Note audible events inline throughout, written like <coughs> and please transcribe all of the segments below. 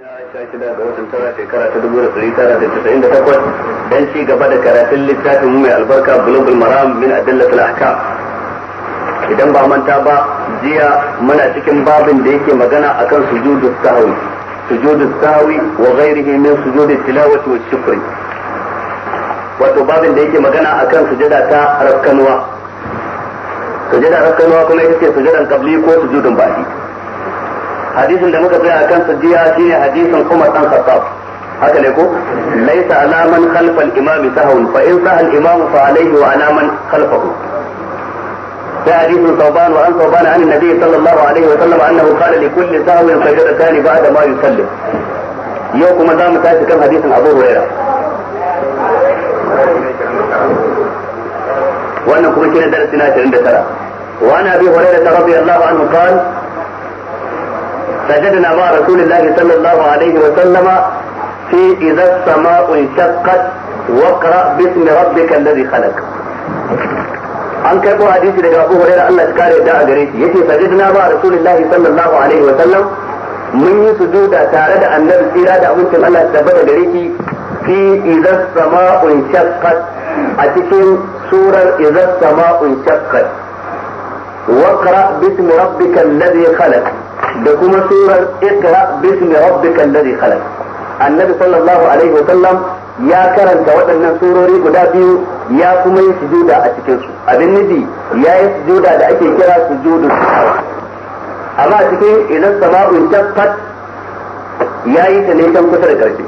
dan ci gaba da karatun littafin mai albarka bulugul maram min adillatul ahkam idan ba manta ba jiya muna cikin babin da yake magana akan sujudu sahwi sujudu sahwi wa ghairihi min sujudu tilawati wa shukri wato babin da yake magana akan sujada ta rakkanuwa sujada rakkanuwa kuma ita ce sujadan qabli ko sujudun ba'di hadisin da muka tsaya a kansa jiya shine hadisin kuma ɗan Khattab haka ne ko laisa ala man khalfa al sahun fa in sahal imam fa alayhi wa ala man khalfahu sai hadisin Thawban wa an Thawban an Nabi sallallahu alaihi wa sallam annahu qala li kulli sahwin sajdatani ba'da ma yusallim yau kuma za mu tashi kan hadisin Abu Hurairah wannan kuma shine darasi na 29 wa ana bi hurairah radiyallahu anhu qala فجدنا مع رسول الله صلى الله عليه وسلم في إذا السماء انشقت واقرأ باسم ربك الذي خلق أن كيبو حديث لك أبو هريرة أن أشكال إداء غريتي يتي فجدنا مع رسول الله صلى الله عليه وسلم من سجود تارد أن نبسي لدى أمسي أن أستبدى غريتي في إذا السماء انشقت أتكين سورة إذا السماء انشقت واقرا باسم ربك الذي خلق da kuma surar ikra bismi rabbikal ladhi khalaq annabi sallallahu alaihi wa sallam ya karanta waɗannan surori guda biyu ya kuma yi sujuda a cikin su abin nufi ya yi sujuda da ake kira sujudu amma a cikin idan sama'u taffat ya yi ta ne can kusa da ƙarfi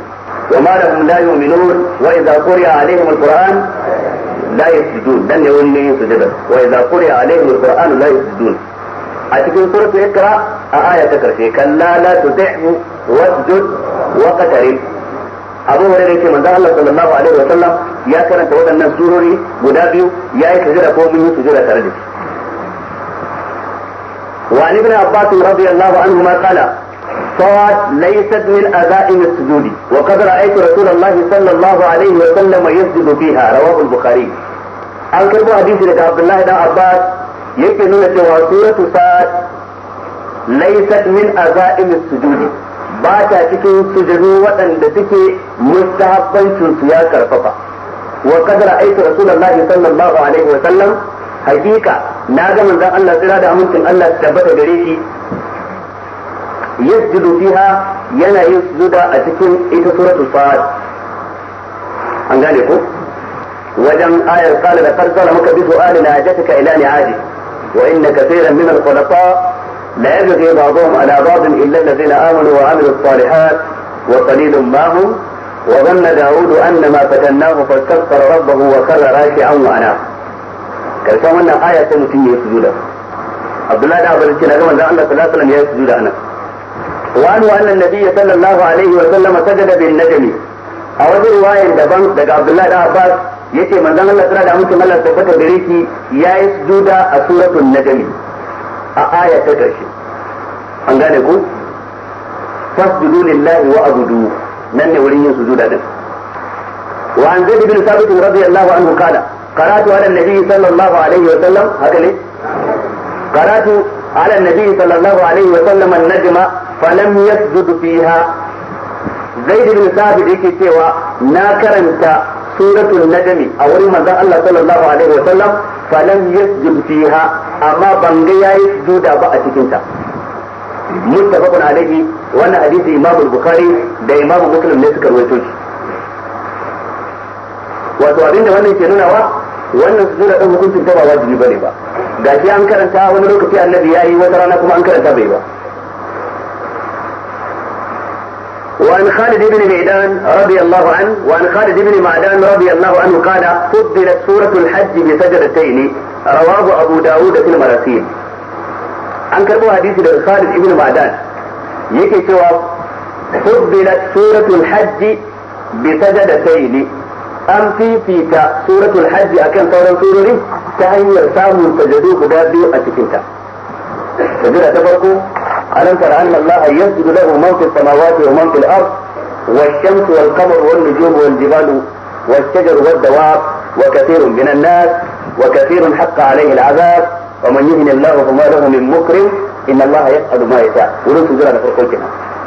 wa ma da hum la yu'minun wa idza quriya alaihim alquran la yasjudun dan ne wani ne yin sujuda wa idza quriya alaihim alquran la yasjudun a cikin suratu ikra a aya ta karshe kalla la tudihu wasjud wa qatarib abu hore da yake manzo Allah sallallahu alaihi wa sallam ya karanta waɗannan surori guda biyu ya yi ko mun yi sujada tare da shi وعن ابن عباس رضي الله عنهما قال الصوت ليست من أذائم السجود وقد رأيت رسول الله صلى الله عليه وسلم يسجد فيها رواه البخاري an karbo hadisi daga Abdullahi dan Abbas yake nuna cewa suratu sa'ad laysat min azaim sujudi ba ta cikin sujudu waɗanda suke mustahabbancin su ya karfafa wa qad ra'aytu rasulullahi sallallahu alaihi wa sallam hakika na ga manzon Allah tsira da amincin Allah tabbata gare shi yasjudu fiha yana yin sujuda a cikin ita suratul fat an gane ko wajen ayar qala la qad zalamaka bi su'ali la jatika ila ni'aji وإن كثيرا من الخلطاء لا يبغي بعضهم على بعض إلا الذين آمنوا وعملوا الصالحات وقليل ما هم وظن داود أن ما فتناه فاستغفر ربه وخر راكعا وأنا كالفهم أن آية تنتهي سجودا عبد الله بن عبد الله بن عبد الله لم يسجد أنا وأنه أن النبي صلى الله عليه وسلم سجد بالنجم أو رواية عبد الله بن عباس yace manzon Allah tana da mutum Allah tabbata gare shi yayi sujuda a suratul najm a aya ta karshe an gane ku fasjudu lillahi wa abudu nan ne wurin yin sujuda din wa an zaid bin sabit radiyallahu anhu qala قرأت على النبي صلى الله عليه وسلم هكذا قرأت على النبي صلى الله عليه وسلم النجم فلم yasjud fiha zaid بن sabit yake cewa na karanta suratul nadami a wurin manzon Allah sallallahu alaihi wasallam falam yasjud fiha amma ban ga yayi sujuda ba a cikin ta muttafaqun alaihi wannan hadisi Imam Bukhari da Imam Muslim ne suka rawaito shi wato abinda wannan ke nuna wa, wannan sujuda din hukuncin ta ba wajibi bane ba gashi an karanta wani lokaci annabi yayi wata rana kuma an karanta bai ba وعن خالد بن معدان رضي الله عنه وعن خالد بن معدان رضي الله عنه قال فضلت سورة الحج بفجرتين رواه أبو داود في المراسيل عن كربو حديث خالد بن معدان يكي سوى فضلت سورة الحج بسجدتين أم في في سورة الحج أكن طورا سورة تهيئ سامو تجدوه بابيو أتكنتا الذين ta ألم alam أن الله يسجد له من في السماوات ومن في الأرض والشمس والقمر والنجوم والجبال والشجر والدواب وكثير من الناس وكثير حق عليه العذاب ومن يهن الله فما له من مكرم ان الله يفعل ما يشاء ولو جرى فرقوا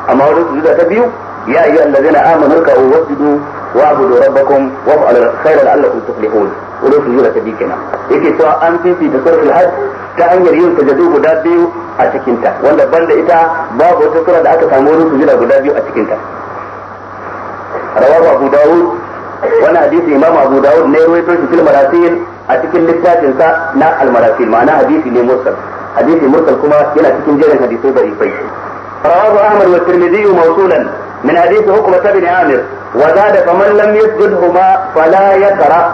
اما ورسل جرى تبيو يا ايها الذين امنوا اركعوا واسجدوا wa'budu rabbakum waf'alul khaira la'allakum tuflihun wurin sujura ta biyu kenan yake cewa an fifi da suratul hajj ta hanyar yin sajadu guda biyu a cikin ta wanda banda ita babu wata sura da aka samu wurin sujura guda biyu a cikin ta rawahu abu dawud wani hadisi imam abu dawud ne ruwaito shi fil marasil a cikin littafin sa na al marasil ma'ana hadisi ne mursal hadisi mursal kuma yana cikin jerin hadisai da ifai rawahu ahmad wa tirmidhi mawsulan min hadisi hukma bin amir وزاد فمن لم يسجدهما فلا يقرأ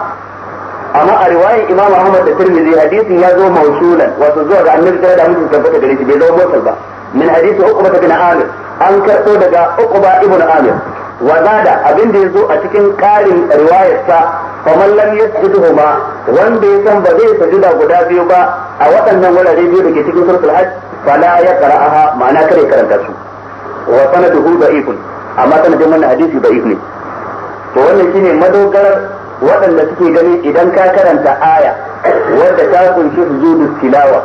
أما رواية إمام أحمد الترمذي حديث يزو موصولا وتزوج عن النبي صلى الله عليه وسلم بلو موصل من حديث عقبة بن عامر an karɓo daga Uqba ibn Amir wa da abin da yazo a cikin ƙarin riwayar sa faman lam wanda ya san ba zai da guda biyu ba a waɗannan wurare biyu da ke cikin suratul hajj fala yaqra'aha ma'ana kare karanta su wa sanaduhu ikun. amma jin wannan hadisi da ne to wannan shine madogarar waɗanda suke gani idan ka karanta aya wadda ta kunshi sujudu tilawa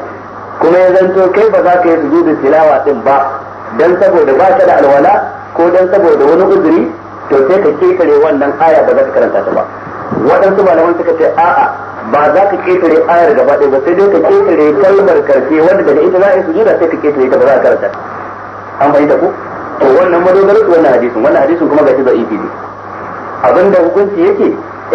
kuma ya zanto kai ba za ka yi sujudu tilawa din ba dan saboda ba ka da alwala ko dan saboda wani uzuri to sai ka kekare wannan aya ba za ka karanta ta ba waɗansu malaman suka ce a'a ba za ka ketare ayar gaba ɗaya ba sai dai ka ketare kalmar karfe wanda daga ita za a yi sujuda sai ka ketare ta ba za ka karanta an fahimta ku to wannan madogarar wannan hadisin wannan hadisin kuma gashi da'ifi ne abinda hukunci yake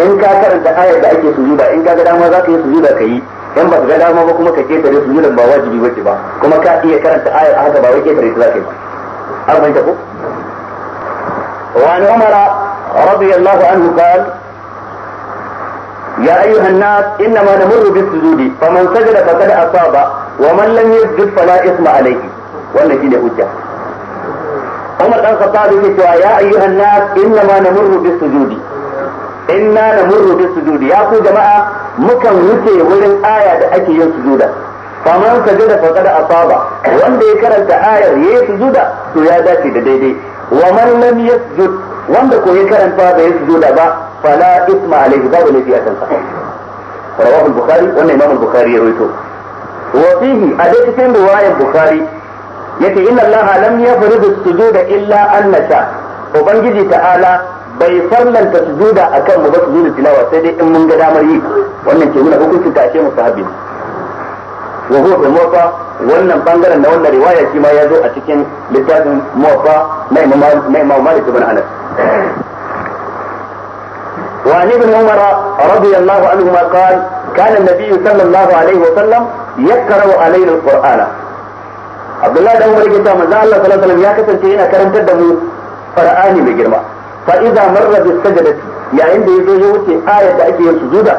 in ka karanta ayar da ake sujuda in ka ga dama za ka yi sujuda ka yi in ba ka ga dama ba kuma ka ketare sujuda ba wajibi bace ba kuma ka iya karanta ayar haka ba wai ketare ta za ka yi an fahimta ko وعن عمر رضي الله عنه قال يا أيها الناس إنما نمر بالسجود فمن سجد فقد أصاب ومن لم يسجد فلا إثم عليه wannan shine Hujja. Umar dan Khattab yake cewa ya ayyuhan nas inna ma namurru bis sujudi inna namurru bis sujudi ya ku jama'a mukan wuce wurin aya da ake yin sujuda faman sajada faqad asaba wanda ya karanta ayar yayi sujuda to ya dace da daidai wa man lam yasjud wanda ko ya karanta bai sujuda ba fala isma alaihi babu lafiya kansa rawahu bukhari wannan imam bukhari ya rawaito wa fihi a cikin riwayar bukhari yace inna allaha lam yafridu sujuda illa an nasha ubangiji ta'ala bai farlanta sujuda akan mu ba sujudu tilawa sai dai in mun ga damar yi wannan ke nuna hukuncin ta ashe musahabi wa huwa fi muwafa wannan bangaren na wannan riwaya shi ma ya zo a cikin littafin muwafa na imam malik ibn anas وعن ابن عمر رضي الله عنهما قال كان sallallahu صلى wa sallam وسلم يقرأ علينا القرآن abdullahi dan wani yake manzo Allah sallallahu alaihi wasallam ya kasance yana karantar da mu qur'ani mai girma fa idza marra bis sajdati yayin da yazo ya wuce ayat da ake yin sujuda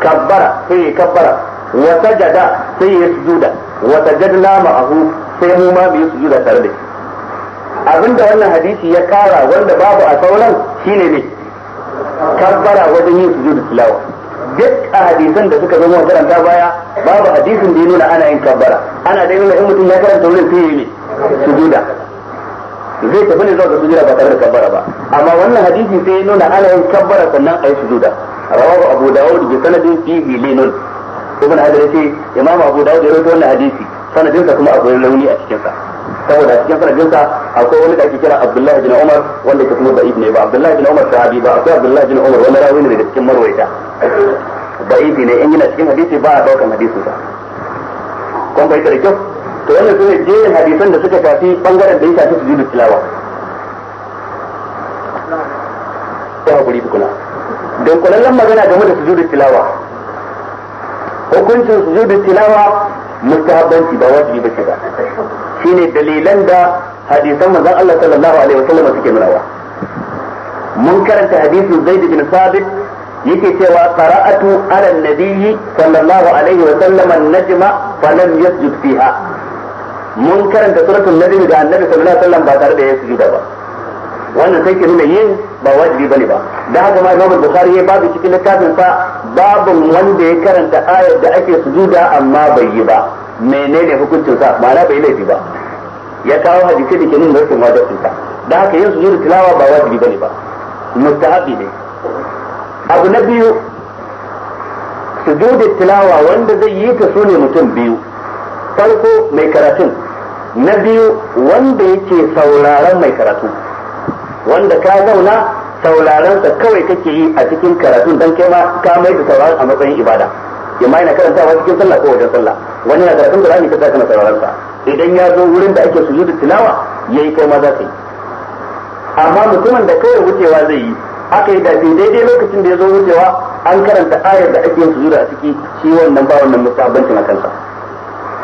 kabbara sai ya kabbara wa sajada sai ya sujuda wa sajadna ma'ahu sai mu ma mu yi sujuda tare da shi abinda wannan hadisi ya kara wanda babu a sauran shine ne kabbara wajen yin sujudu tilawa duk hadisan da suka zo zama karanta baya babu hadisin da ya nuna ana yin kabbara ana da nuna mutum ya karanta wurin sai ya sujuda zai tafi ne zuwa sujuda ba tare da kabbara ba amma wannan hadisi sai ya nuna ana yin kabbara sannan a yi sujuda rawahu abu dawud bi sanadin fihi linun ibn hajar ce imam abu dawud ya rawaito wannan hadisi sanadinsa kuma akwai launi a cikin sa saboda a cikin sanadinsa akwai wani da ake kira Abdullahi bin Umar wanda ke kuma da'if ne ba Abdullahi bin Umar sahabi ba akwai Abdullahi bin Umar wani rawi ne da cikin marwaita da'ifi ne in yana cikin hadisi ba a daukan hadisin sa kun bai da kyau to wannan sune jerin hadisan da suka shafi bangaren da ya shafi sujudu tilawa ko hakuri tukuna don kulallen magana game da sujudu tilawa hukuncin sujudu tilawa mustahabbanci ba wajibi ba ce ba shine dalilan da hadisan manzon Allah sallallahu alaihi wasallam suke nunawa mun karanta hadisin Zaid bin Sabit yake cewa qara'atu ala nabiyyi sallallahu alaihi wasallam an-najma falam yasjud fiha mun karanta suratul najm ga annabi sallallahu alaihi wasallam ba tare da ya sujuda ba wannan sai ke nuna yin ba wajibi ba ne ba da haka ma Imam Bukhari ya babu cikin littafin sa babun wanda ya karanta ayar da ake sujuda amma bai yi ba menene hukuncin sa ma'ana bai laifi ba ya kawo hadisi da ke nuna rashin wajibinta da haka yin sujudu tilawa ba wajibi bane ba mustahabi ne abu na biyu sujudu tilawa wanda zai yi ta sune mutum biyu farko mai karatun na biyu wanda yake sauraron mai karatu wanda ka zauna sauraron sa kawai kake yi a cikin karatun don kai ma ka mai da sauraron a matsayin ibada imma yana karantawa cikin sallah ko wajen sallah wani na karatun qur'ani ka kana sauraron sa idan ya zo wurin da ake sujudu tilawa yayi kai ma za ka yi amma mutumin da kawai wucewa zai yi aka yi dace daidai lokacin da ya zo wucewa an karanta ayar da ake yin a ciki shi wannan ba wannan musabancin a kansa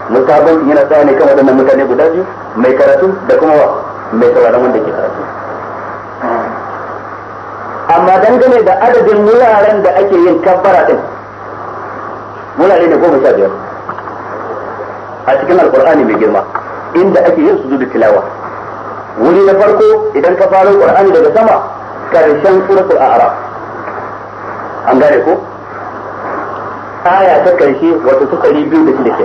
musabancin yana tsaya ne kan waɗannan mutane guda biyu mai karatu da kuma wa mai sauraron wanda ke karatu amma dangane da adadin wuraren da ake yin kabbara din wurare ne goma sha biyar a cikin alkur'ani mai girma inda ake yin sujudu tilawa wuri na farko idan ka faro qur'ani daga sama karshen suratul a'raf an gane ko aya ta karshe wato sukari biyu da shida ke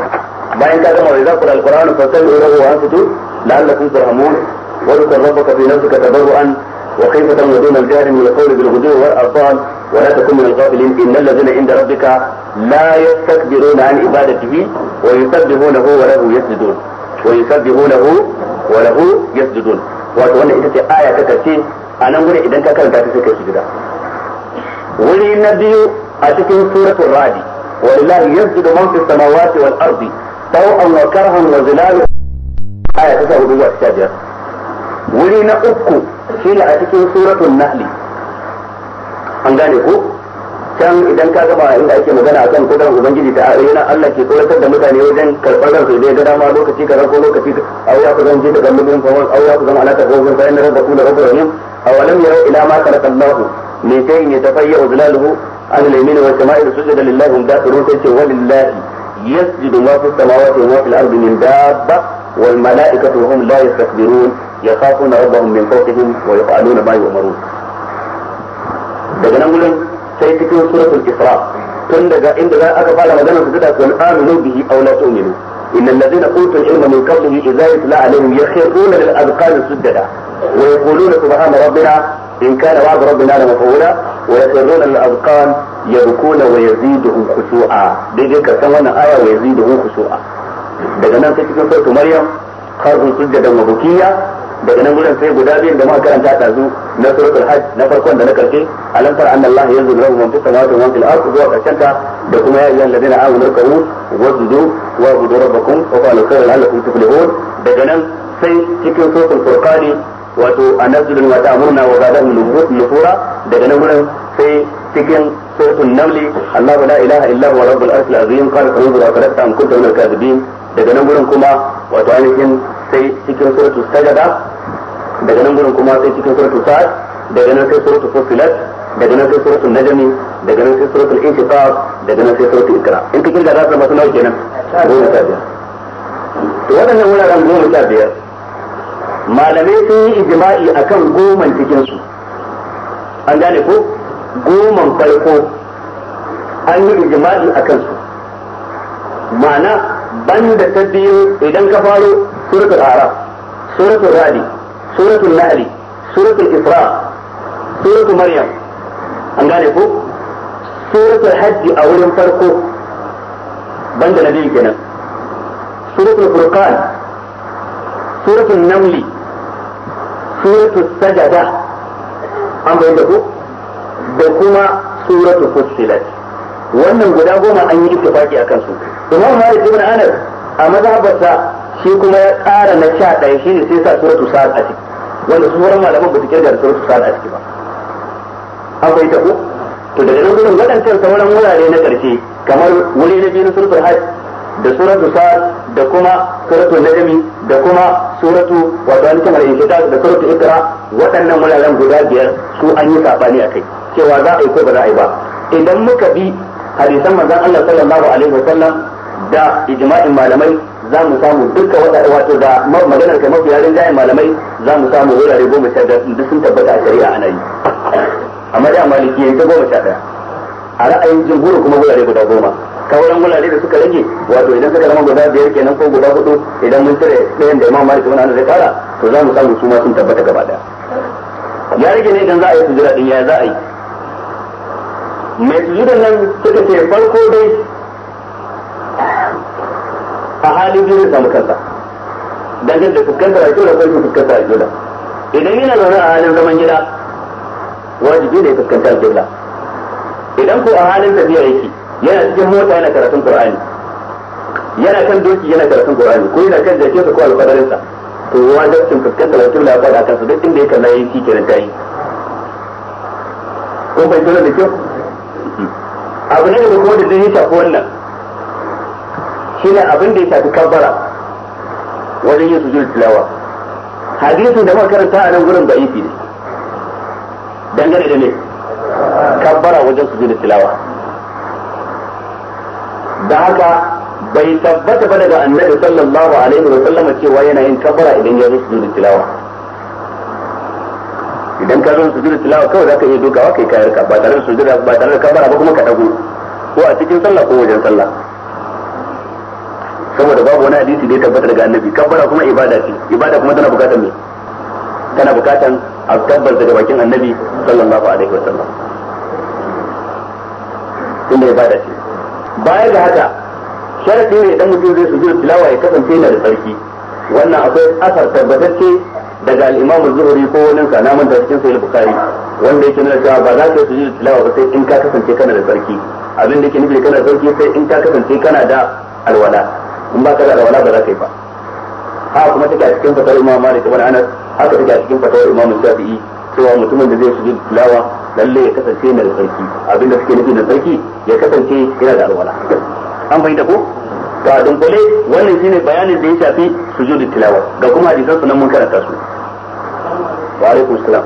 bayan ka gama riza kula alqur'ani fa sai uru wa anfutu la'allakum turhamun wa dhkur rabbaka fi nafsika tadarruan wa khifatan wa dun al-jahri min al-qawli bil-ghudwi wal-asal ولا تكن من الغافلين إن الذين عند ربك لا يستكبرون عن عبادته ويسبحونه وله يسجدون ويسبحونه وله يسجدون wato wannan ita ce aya ta karshe a nan gurin idan ka karanta ta sai sujuda wuri na biyu a cikin suratul radi walillahi yasjudu man fis samawati wal ardi taw'an wa karhan wa zilalu aya ta 4 zuwa 5 wuri na uku shine a cikin suratul nahli an gane ko can idan ka gaba inda ake magana akan kudurar ubangiji ta ayyana Allah ke tsoratar da mutane wajen karɓar ransu zai ga dama lokaci ka ko lokaci au ya kuzan je daga mulkin fawon au ya kuzan alaka gogon fa inna rabbaku la rahim aw lam yarau ila ma khalaqa Allah ne shay'in fayyau zilaluhu an al-yamin wa sama'il sujada lillahi hum dakhirun sai ce walillahi yasjudu ma fi samawati wa fil ardi min dabba wal mala'ikatu hum la yastakbirun yakhafuna rabbahum min fawqihim wa yaf'aluna ma yu'marun daga nan gudun sai cikin suratul isra tun daga inda za aka fara magana su da sun aminu bihi aw la tu'minu innal ladina utul ilma min qablihi idza yutla alaihim yakhruna lil azqani sujada wa yaquluna subhana rabbina in kana wa'd rabbina la maf'ula wa yakhruna lil azqan yabkuna wa yaziduhum khushu'a daidai ka san wannan aya wa yaziduhum khushu'a daga nan sai cikin suratul maryam kharhum sujadan wa bukiya daga nan gudan sai guda biyun da muka karanta da zu na suratul hajj na farkon da na karshe alam tar anna allah yanzu lahu man fis samawati wa man fil ardi zuwa karshen ta da kuma ya ayyuhal ladina amanu rakabu wasjudu wa budu rabbakum wa qalu khairan la'allakum tuflihun daga nan sai cikin suratul furqani wato anazzulun wa ta'muruna wa badahu nufura daga nan gudan sai cikin suratul namli allahu la ilaha illa huwa rabbul arshil azim qala qulu wa qad kuntum min al-kadhibin daga nan gudan kuma wato ainihin sai cikin suratul sajada daga nan gurin kuma sai cikin suratul sa'ad daga nan sai suratul fussilat daga nan sai suratul najmi daga nan sai suratul inshiqaq daga nan sai suratul ikra in kike da za su masu nawa kenan goma sha biyar to waɗannan wuraren goma sha biyar malamai sun yi ijma'i akan goman cikin su an gane ko goma farko an yi ijma'i akan su ma'ana banda ta biyu idan ka faro suratul araf suratul radi سورة nahl سورة الإسراء سورة maryam an gane ko suratul hajj a wurin farko سورة na سورة النمل سورة السجدة أم namli suratul sajada an kuma wannan guda goma an yi ittifaki a kansu imam malik ibn anas a mazhabarsa shi kuma ya ƙara na sha ɗaya shi ne sai sa suratu sa'ad wanda su wurin malaman ba su kirga da sauransu sa'ad a ciki ba an bai to daga nan gudun waɗancan sauran wurare na ƙarshe kamar wuri na biyu na sulfur hajj da suratu sa'ad da kuma suratu najmi da kuma suratu wato an kamar inshiqaq da suratu ikra waɗannan wuraren guda biyar su an yi saɓani a kai cewa za a yi ko ba za a yi ba idan muka bi hadisan manzon Allah sallallahu alaihi wasallam da ijma'in malamai za mu samu duka wata wato da maganar kamar yarin jayin malamai za mu samu wurare goma sha biyar duk sun tabbata a shari'a ana yi amma da maliki yanzu goma sha daya a ra'ayin jimhuru kuma wurare guda goma kawaran wurare da suka rage wato idan suka zama guda biyar kenan ko guda hudu idan mun cire ɗayan da imam malik ibn anas zai fara, to za mu samu su ma sun tabbata gaba daya ya rage ne idan za a yi sujura din ya za a yi mai sujudan nan suka ce farko dai a halin zai samu kansa dangane da fuskantar a da kuma fuskantar a kyoda idan yana zaune a halin zaman gida wajibi ne fuskantar kyoda idan ko a halin tafiya yake yana cikin mota yana karatun qur'ani yana kan doki yana karatun qur'ani ko yana kan jakinsa ko sa to wajibcin fuskantar a kyoda ya faɗa kansa duk inda ya kalla yi shi kenan ta yi ko bai tona da kyau abu ne da kuma da zai shafi wannan shine abin da ya shafi kabbara wajen yin sujud tilawa hadisin da muka karanta a nan gurin da ifi ne dangane da ne kabbara wajen sujud tilawa da haka bai tabbata ba daga annabi sallallahu alaihi wa sallam cewa yana yin kabbara idan ya zo sujud tilawa idan ka zo sujud tilawa kawai zaka iya dogawa kai kayar ka ba tare da sujud ba tare da kabbara ba kuma ka dago ko a cikin sallah ko wajen sallah saboda babu wani hadisi da ya tabbata daga annabi kabbara kuma ibada ce ibada kuma tana bukatar me tana bukatar a tabbar daga bakin annabi sallallahu alaihi wa sallam inda ibada ce baya ga haka sharadi ne dan mutum zai sujudu tilawa ya kasance yana da tsarki wannan akwai asar tabbatacce daga al-Imam Zuhri ko wani sa na manta cikin Sahih Bukhari wanda yake nuna cewa ba za ka yi sujudu tilawa ba sai in ka kasance kana da tsarki abin da yake nufi kana da tsarki sai in ka kasance kana da alwala in ba ka da wala ba za ka yi ba a kuma take a cikin fatar imam malik ibn anas haka take a cikin fatawar imam shafi'i cewa mutumin da zai su tilawa lalle ya kasance na da sarki abinda suke nufi da sarki ya kasance yana da alwala an fahimta ko to a dunkule wannan shine bayanin da ya shafi sujudul tilawa ga kuma hadisan sunan mun karanta su wa alaikum assalam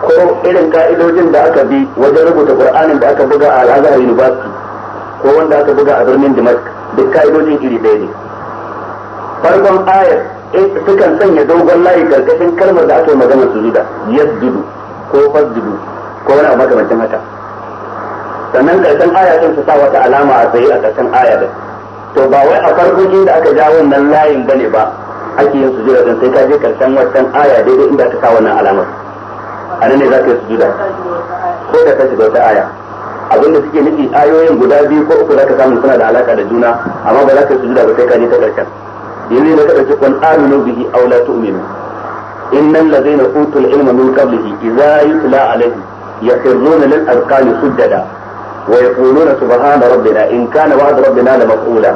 ko irin ka'idojin da aka bi wajen rubuta qur'anin da aka buga a Al-Azhar University ko wanda aka buga a birnin Damascus duk ka'idojin iri ɗaya ne farkon ayar eh, sukan sanya dogon layi karkashin kalmar da aka yi magana sujuda yaddudu ko fasjudu ko wani abu makamancin haka sannan karshen aya din su sa wata alama a tsaye a karshen aya din to ba wai a farko da aka ja wannan layin bane ba ake yin sujuda din sai ka je karshen wannan aya daidai inda aka sa wannan alamar ana ne za ka yi sujuda ko da ka shiga wata aya abinda suke nufi ayoyin guda biyu ko uku za ka samu suna da alaka da juna amma ba za ka yi sujuda ba sai ka je ta ƙarshen yanzu ne ka ɗauki kun aminu bihi aw la tu'minu innal ladzina utul ilma min qablihi idza yutla alayhi yakhruna lil arqani sujada wa yaquluna subhana rabbina in kana wa'd rabbina la maf'ula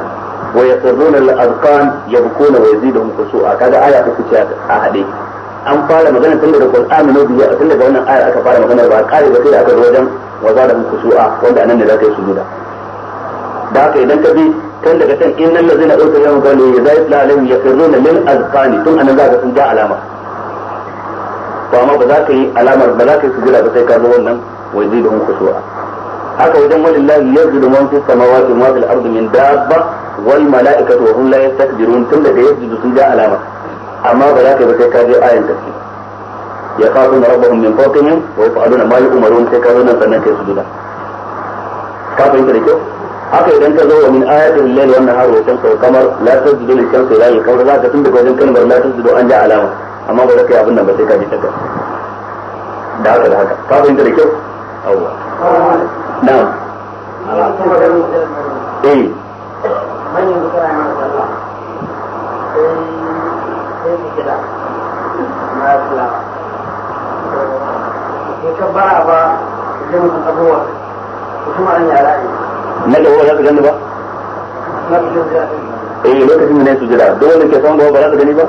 wa yaquluna lil arqan yabkuna wa yazidahum khushu'a kaga aya ta ce a hade an fara magana tun daga Qur'ani ne biya tun daga wannan ayar aka fara magana ba kare ba sai da aka zo wajen wa zada muku su'a wanda anan ne za ka yi sujuda da haka idan ka bi tun daga kan innal ladzina utu yawm qalu ya zayt la alim yakhruna min azqani tun anan za ka sun ga alama to amma ba za ka yi alamar ba za ka yi sujuda ba sai ka zo wannan da yazidhum khushu'a haka wajen walillahi yazidu man fis samawati wa ma fil ardi min dabba wal mala'ikatu wa hum la yastakbirun tun da yazidu sun ga alama amma ba za ka ba sai ka je ayin gaske ya kafu na rabbahum min fawqihim wa yaf'aluna ma yu'marun sai ka zo nan sannan kai sujuda ka fahimta da kyau haka idan ka zo wa min ayatul layl wan nahar wa kamar la lil shamsi la za ka tunda wajen kalmar la an ja alama amma ba za ka yi abin nan ba sai ka daga da haka da haka da kyau gida na islam ba za gani ba eh lokacin da na sujada duk wanda ke son ba ba za ka gani ba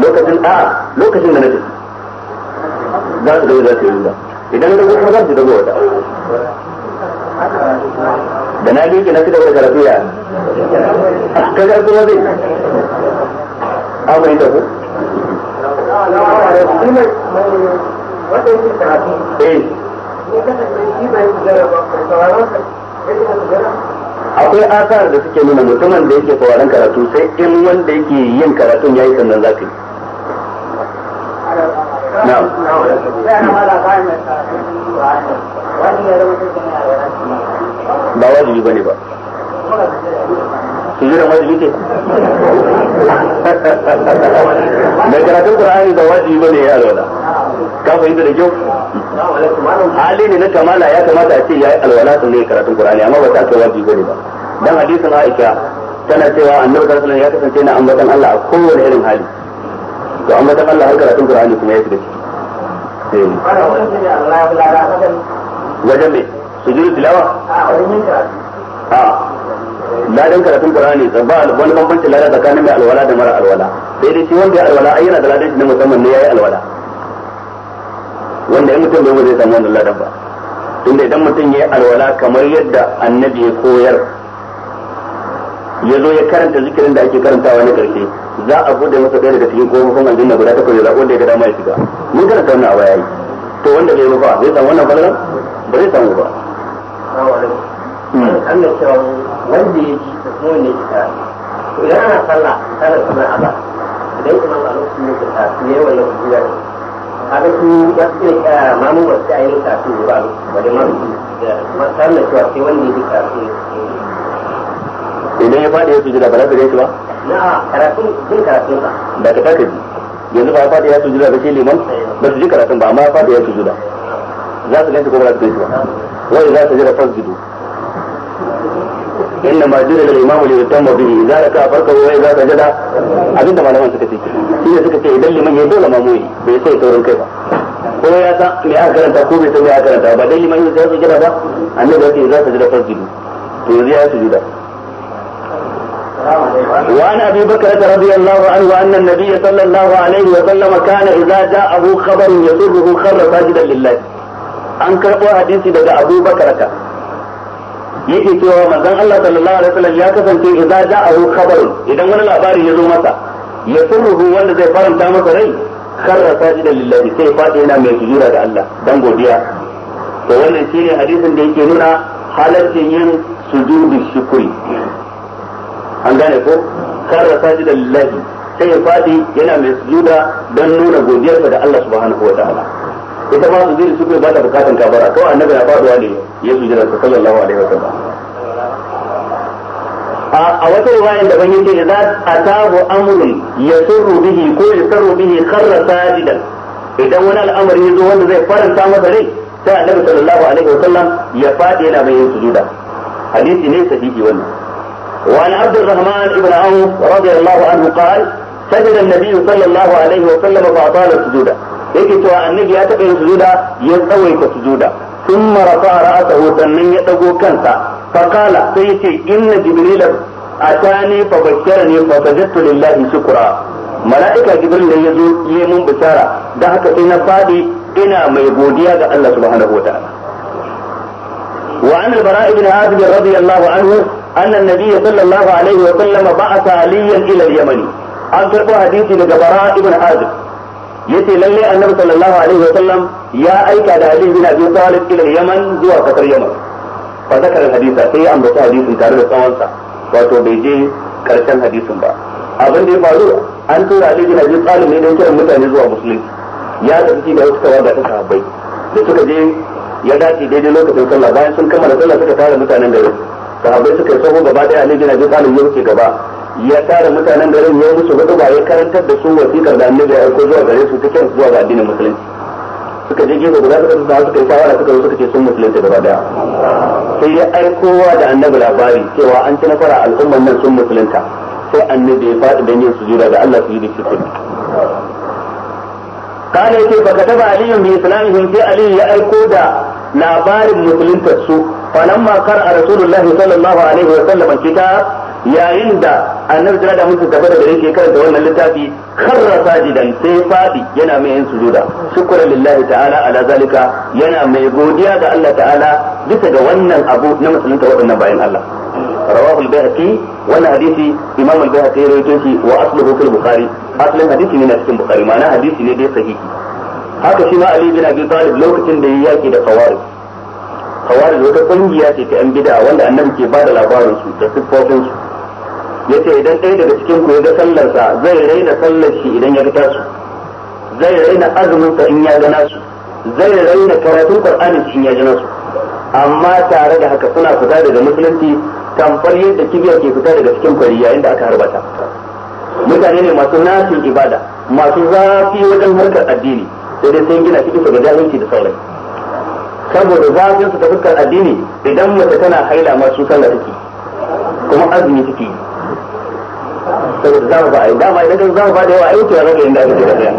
lokacin a lokacin da na tafi za su gani za su yi ba idan ka gudu za su dago wata da na na fi da wata kuma zai an ku eh. akwai asar da suke nuna mutumin da yake sauraron karatu sai in wanda yake yin karatun yayi sannan zafi ba wajibi ba ne ba sujudan wajibi ce mai karatun qur'ani ba wajibi bane ya alwala ka fahimta da kyau hali ne na kamala ya kamata a ce ya yi alwala sun ne karatun qur'ani amma ba ta ce wajibi bane ba dan hadisin Aisha tana cewa annabi sallallahu alaihi ya kasance na ambatan Allah a kowane irin hali to ambatan Allah har karatun qur'ani kuma ya shiga ciki eh. wajen tilawa a ladan karatun qur'ani ne ba wani bambanci ladan tsakanin mai alwala da mara alwala sai dai shi wanda ya alwala ayyana yana da ladan shi na musamman ne yayi alwala wanda in mutum bai zai samu wannan ladan ba tunda idan mutum yayi alwala kamar yadda annabi ya koyar ya zo ya karanta zikirin da ake karantawa na karshe za a bude masa ɗaya daga cikin kuma aljanna guda takwas ya zaɓo da ya ga dama ya shiga mun karanta wannan a baya yi to wanda bai ba zai samu wannan falalan ba zai samu ba. Assalamu wanda ya ji da kuma wanda ya ji tare to idan ana sallah tare da sunan Allah idan imam a lokacin da ta ne wannan hujja ne kaga su ya su ne eh, mamu ba sai ayi ta su ba ba da mamu kuma sallah cewa sai wanda ya ji ta su idan ya faɗi ya sujada ba za su gaishe ba na'a karatun jin karatun sa da ka take yanzu ba ya ya sujuda da shi liman eh. ba su ji karatun ba amma ya ya sujuda za su gaishe ko ba za su gaishe ba wai za su jira fasjudu inda ma jira da imamu ne tan mabi za ka farka waye za ka jada abin da malaman suka ce shi ne suka ce idan liman ya dole mamuyi bai sai saurin kai ba ko me aka karanta ko bai san me aka karanta ba dai liman ya zo jira ba annabi ya ce za ka jira farkidu to yanzu ya sujuda وعن ابي بكر رضي الله عنه ان النبي صلى الله عليه وسلم كان اذا جاءه خبر يسره خر ساجدا لله. ان كربوا حديثي بدا ابو بكر كان. yake cewa manzon Allah sallallahu alaihi wasallam ya kasance idza ja'ahu kabar idan wani labari ya zo masa ya surruhu wanda zai faranta masa rai karra da lillahi sai fadi yana mai sujuda da Allah dan godiya to wannan shine hadisin da yake nuna halaccin yin sujudu shukri an gane ko karra da lillahi sai ya fadi yana mai sujuda don nuna godiyarsa da Allah subhanahu wa ta'ala ita ma su zai sujud ba ta bukatan kabara kawai annabi na faduwa ne ya su da sallallahu alaihi wasallam a wata riwayar da ban yake da atahu amrun yasurru bihi ko yasurru bihi kharra sajidan idan wani al'amari ya zo wanda zai faranta masa rai sai annabi sallallahu alaihi wasallam ya fadi yana mai yin sujuda hadisi ne sahihi wannan وعن عبد الرحمن بن عوف رضي الله عنه قال سجد النبي صلى الله عليه وسلم فأطال سجوده yake cewa annabi ya taɓa yin sujuda ya tsawaita sujuda sun marafa ra'asahu sannan ya ɗago kansa fakala sai yace inna jibrila atani fa bakkara ne fa sajadtu lillahi shukra mala'ika jibril da ya yi mun bishara da haka sai na fadi ina mai godiya ga Allah subhanahu wa ta'ala wa an al-bara ibn azib radiyallahu anhu anna an-nabiy sallallahu alaihi wa sallam ba'atha aliyan ila al-yamani an karbo hadisi daga bara ibn yace lalle annabi sallallahu alaihi wa sallam ya aika da Ali bin Abi Talib ila Yaman zuwa kasar Yaman fa zakar hadisa sai ya ambaci hadisin tare da tsawonsa wato bai je karshen hadisin ba abin da ya faru an tura Ali bin Abi Talib ne don kiran mutane zuwa musulunci ya tafi da wasu tawaga ta sahabbai da suka je ya dace daidai lokacin sallah bayan sun kammala sallah suka tara mutanen garin sahabbai suka yi sahu gaba daya Ali bin Abi Talib ya wuce gaba ya tara mutanen garin ya musu hudu ba ya karantar da su wasiƙar da annabi ya aiko zuwa gare su ta kyan zuwa ga addinin musulunci suka je gefe guda suka tsaya suka yi shawara suka zo suka ce sun musulunci gaba daya sai ya aikowa da annabi labari cewa an ci nasara al'ummar nan sun musulunta sai annabi ya faɗi don yin sujuda da Allah su yi da shukuri قال يتي sai aliyu ya aiko da labarin دا su مسلم nan فلما قرأ رسول الله صلى الله عليه وسلم الكتاب yayin da annabi ta da musu gaba da gare ke karanta wannan littafi kharra sajidan sai fadi yana mai yin sujuda shukran lillahi ta'ala ala zalika yana mai godiya ga Allah ta'ala bisa ga wannan abu na musulunta waɗannan bayan Allah rawahu al-bayhaqi wannan hadisi imam al-bayhaqi rawaito shi wa asluhu fil bukhari aslan hadisi ne na cikin bukhari ma'ana hadisi ne dai sahihi haka shi ma ali bin abi talib lokacin da yake da khawarij khawarij wata kungiya ce ta yan bid'a wanda annabi ke bada labarin su da siffofin su Ya ce idan ɗaya daga cikin ku ya ga sallarsa zai raina sallar shi idan ya ga tasu zai raina azumin ka in ya ga nasu zai raina karatun qur'ani in ya ga nasu amma tare da haka suna fita daga musulunci tamfar yadda kibiya ke fita daga cikin kwari yayin da aka harbata. mutane ne masu nasin ibada masu zafi wajen harkar addini sai dai sun gina shi bisa ga jahilci da saurayi saboda zafin su ta fuskar addini idan mace tana haila masu sallah take kuma azumi take yi saboda za mu ba a yi dama idan ka za mu ba da yawa ai wuce ranar inda aka ce ka tsaya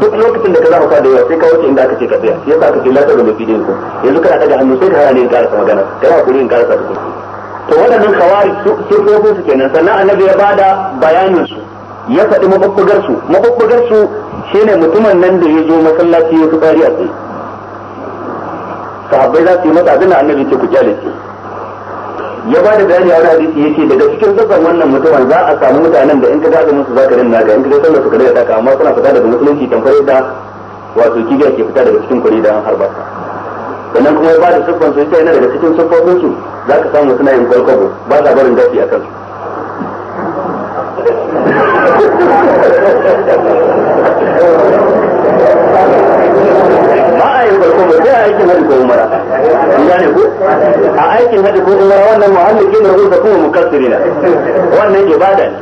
duk lokacin da ka za mu ba da yawa sai ka wuce inda aka ce ka tsaya shi yasa aka ce lafiya da mafi din ku yanzu kana daga hannu sai ka hana ne in karasa magana kana hakuri in karasa tukun to waɗannan kawari sufofin su kenan sannan annabi ya bada bayanin su ya faɗi mabubbugar su mabubbugar su shine mutumin nan da ya zo masallaci ya fi tsari a tsaye sahabbai za su yi masa abin da annabi ce ku kyale shi ya ba da bayani a wani hadisi ce daga cikin zazzan wannan mutumin za a samu mutanen da in ka daga musu zaka rinna ga in ka sallar su ka daga taka amma suna fita daga musulunci tamfare da wato kibiya ke fita daga cikin kwari da an harba sannan kuma ya ba da siffan su ita yana daga cikin siffofin su ka samu suna yin kwalkwabo ba sa barin dafi a kansu ba a yin farko ba sai a aikin hajji ko umara in gane ku a aikin hajji ko umara wannan muhallikin na hulka kuma mukassiri na wannan ibada ne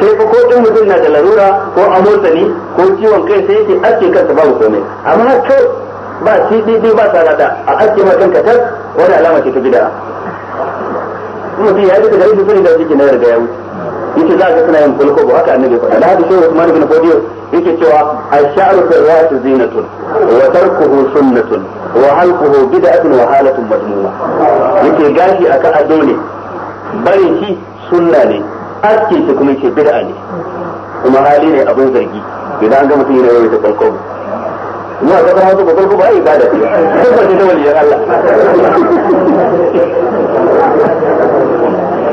sai ko kodin mutum na da larura ko amosani ko ciwon kai sai yake aske kansa babu komai amma to ba cdd ba sarada a aske ma kanka tas wani alama ce ta bid'a mutum ya duka da rikin sani da shi da na riga ya wuce yace za a ga suna yin kulko ba haka annabi faɗa da haka shehu Usman ibn Fodiyo yake cewa ash-sha'ru fi ra'si zinatun wa tarkuhu sunnatun wa halquhu bid'atun wa halatun madmuma yake gashi aka ado ne bare shi sunna ne aski shi kuma yake bid'a ne kuma hali ne abin zargi idan an ga mutum yana yawaita kalko mu a kasar hausa kalko ba a yi gada ce ko ce ta waliyar Allah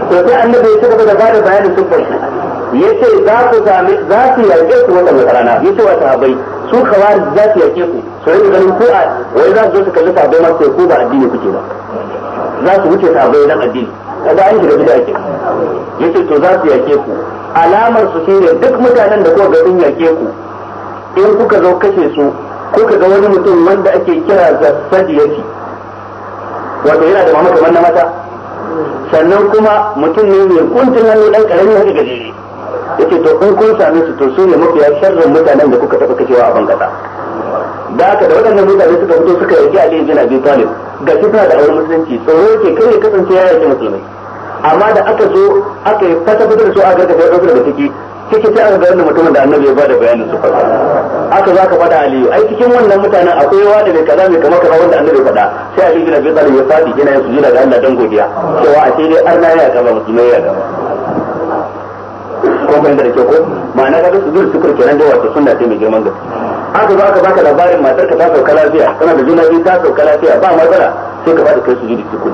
to sai annabi ya ci gaba da bada bayanin farko yace za ku sami za ku yarda ku wata mai yace wa sahabbai su kawar za su yaƙe ku su rinka ganin ku a wai za su zo su kalli sahabbai ma sai ku ba addini kuke ba za su wuce sahabbai dan addini kaga an shiga gida ke yace to za su yaƙe ku alamar su shine duk mutanen da kuka ga sun yaƙe ku in kuka zo kashe su kuka ga wani mutum wanda ake kira sadiyati wato yana da mama kamar na mata sannan kuma mutum ne mai kuntun hannu dan karami haka gajere yake to in kun same su to su ne mafi sharrin mutanen da kuka taɓa kashewa a bangasa da haka da waɗannan mutane suka fito suka yaki a bin Abi Talib ga shi da auren musulunci tsoro ke kai ya kasance ya yake musulmai amma da aka zo aka yi fata fata da su a gargaɗe ya ɗaukar da ciki ciki sai aka ga wannan mutumin da annabi ya da bayanin su fa aka za aka fada Aliyu ai cikin wannan mutanen akwai wanda da kaza mai kamar kaza wanda annabi ya faɗa sai Ali bin Abi Talib ya fadi yana yin sujuda ga Allah dan godiya cewa a sai dai arna ya gaba musulmai ya gaba ko ban da ke ko ma'ana ga su zuri shukur kenan da wato sunna ce mai girman gaske aka zo aka baka labarin matar ka ta sauka lafiya kana da juna biyu ta sauka lafiya ba matsala sai ka bada kai su zuri shukur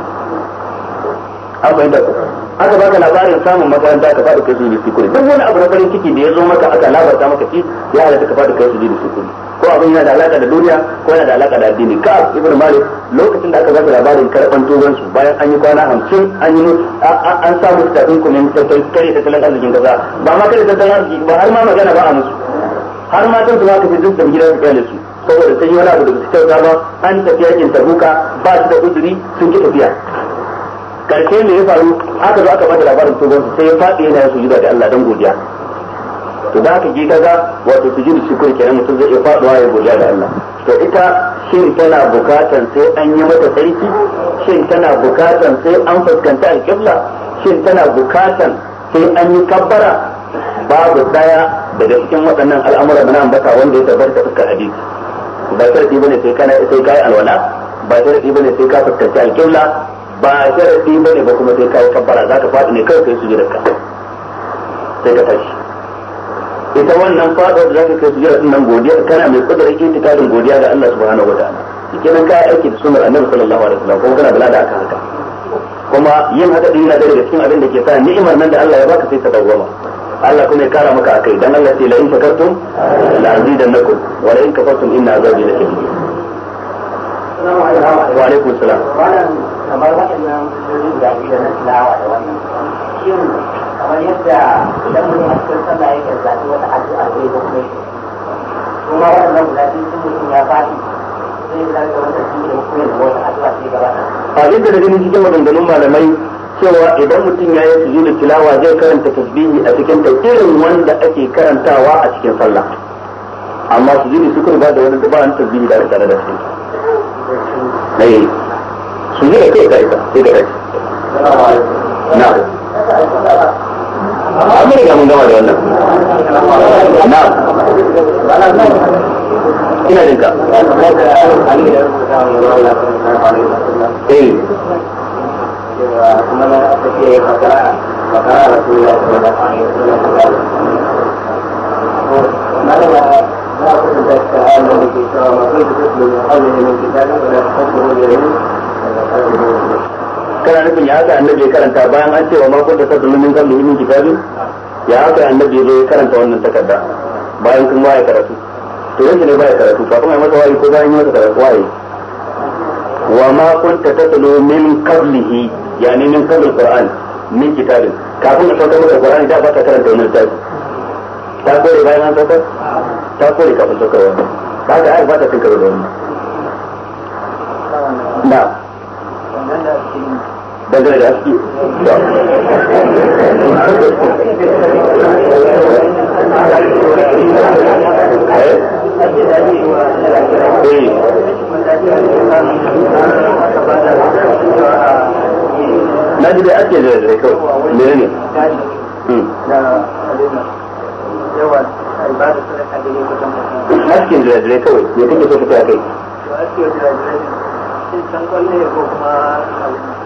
an fahimta ku aka baka labarin samun makaranta ka bada kai su zuri shukur duk wani abu na farin ciki da ya zo maka aka labarta maka shi ya halatta ka bada kai su zuri shukur ko abin yana da alaka da duniya ko yana da alaka da addini ka ibnu malik lokacin da aka ba labarin karban tuban su bayan an yi kwana hamsin an yi an sa musu tafin kunin da tattalin arzikin kasa ba ma kare tattalin arziki ba har ma magana ba a musu har ma sun su ma kafi duk da gidan su su saboda sai yi wani abu da su kyauta ba an tafiya yakin tabuka ba su da uzuri sun ki tafiya karshe ne ya faru aka zo aka bada labarin tuban su sai ya faɗi yana su yi da Allah dan godiya to da haka ji kaga wato sujudu shukr kenan mutum zai iya faduwa ya godiya da Allah to ita shin tana bukatan sai an yi mata sarki shin tana bukatan sai an fuskanta alƙibla shin tana bukatan sai an yi kabbara babu daya daga cikin waɗannan al'amura na ambata wanda ya tabbata fuskar hadisi ba sharadi bane sai kana sai kai alwala ba sharadi bane sai ka fuskanta alƙibla ba sharadi bane ba kuma sai kai kabbara zaka faɗi ne kawai kai ka sai ka tashi ita wannan fadar da zaka kai sujjada din nan godiya kana mai kudurin itikadin godiya ga Allah subhanahu wataala kenan ka aiki da sunnar annabi sallallahu alaihi wasallam kuma kana bala da aka haka kuma yin haka din yana daga cikin abin da ke sa ni'imar nan da Allah ya baka sai ta dawwama Allah kuma ya kara maka akai dan Allah sai la in shakartum la azidannakum wa la in kafartum inna azabi lakum wa alaikum salam kamar waɗannan da na tilawa da wannan kamar yadda idan mutum a cikin sallah yake zaɓi wata addu'a ne ko kuma yake kuma waɗannan guda biyu sun mutum ya faɗi sai ya zaɓi wata kuma wata addu'a gaba a yadda da ganin cikin maganganun malamai cewa idan mutum ya yi sujudu tilawa zai karanta tasbihi a cikin ta irin wanda ake karantawa a cikin sallah amma sujudu sukur ba da wani da ba tasbihi da tare da shi ai sujudu kai ka ita da kai na'am Amerika gama da wannan na ina jinka eh Thank you. kana nufin ya haka annabi ya karanta bayan an cewa ma da sadda min kan lumin kitabi ya haka annabi ya karanta wannan takarda bayan kuma ya karatu to yanzu ne baya karatu kafin ya masa wayi ko bayan ya masa karatu wayi wa ma kunta tatlu min qablihi yani min qabl qur'an min kitabin kafin ka saukar maka qur'ani da baka karanta wannan tafi ta kore bayan an saukar ta kore kafin saukar wannan ba ta ayar ba ta tinkar da wannan na'am dangane da aski eh. na ji dai ake kawai mene ne hmm. askin kawai ya kake so fita kai askin sun ko kuma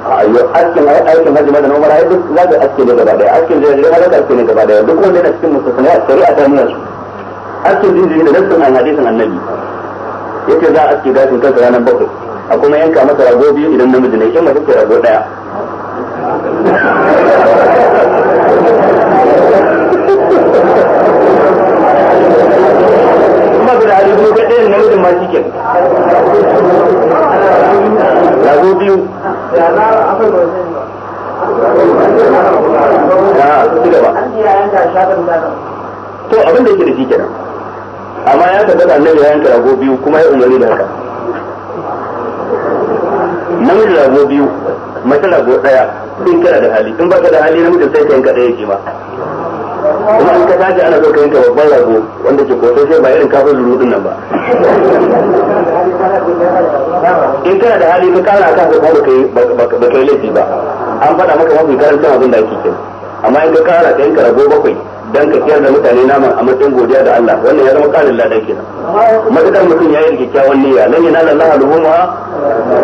ayo askin ai aikin hajji ma da umara ai duk za ka aske ne gaba daya askin da da mara aske ne gaba daya duk wanda yana cikin musulmai shari'a ta nuna su askin jinjiri da nassin an hadisin annabi yace za a aske gashin kansa ranar bakwai a kuma yanka masa rago biyu idan namiji ne in mace ce rago daya kuma da hali ko ɗayan namijin ma shi ke rago biyu to abin da yake da shi kenan amma ya tabbata annabi ya yanka rago biyu kuma ya umarni da haka namiji rago biyu mace rago daya in ba da hali in baka da hali sai ka yanka ke ma kuma an ka tashi ana zo ka babban rago wanda ke koso sai ba irin kafin luludin nan ba in kana da hali ka kara kan ka kuma ba kai laifi ba an faɗa maka mafi karancin abin da ake kin amma in ka kara ka yanka rago bakwai dan ka kiyar da mutane naman a matsayin godiya da Allah wannan ya zama karin ladan kenan matakar mutum ya yi kyakkyawan niyya lan yana Allah luhuma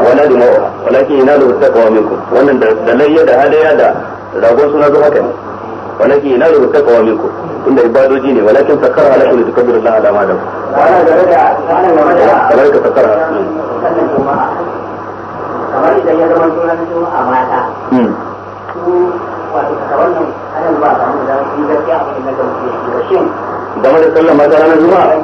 wala dimawa walakin yana da taqwa minkum wannan da layya da hadaya da ragon suna zo haka ne ولكن yana da rukkaka إن minku tunda ولكن ne walakin sakara halakum da tukabbiru Allah ala madam kamar kamar idan juma'a mata wato wannan ba da su gaskiya abin da shin game da sallar mata ranar juma'a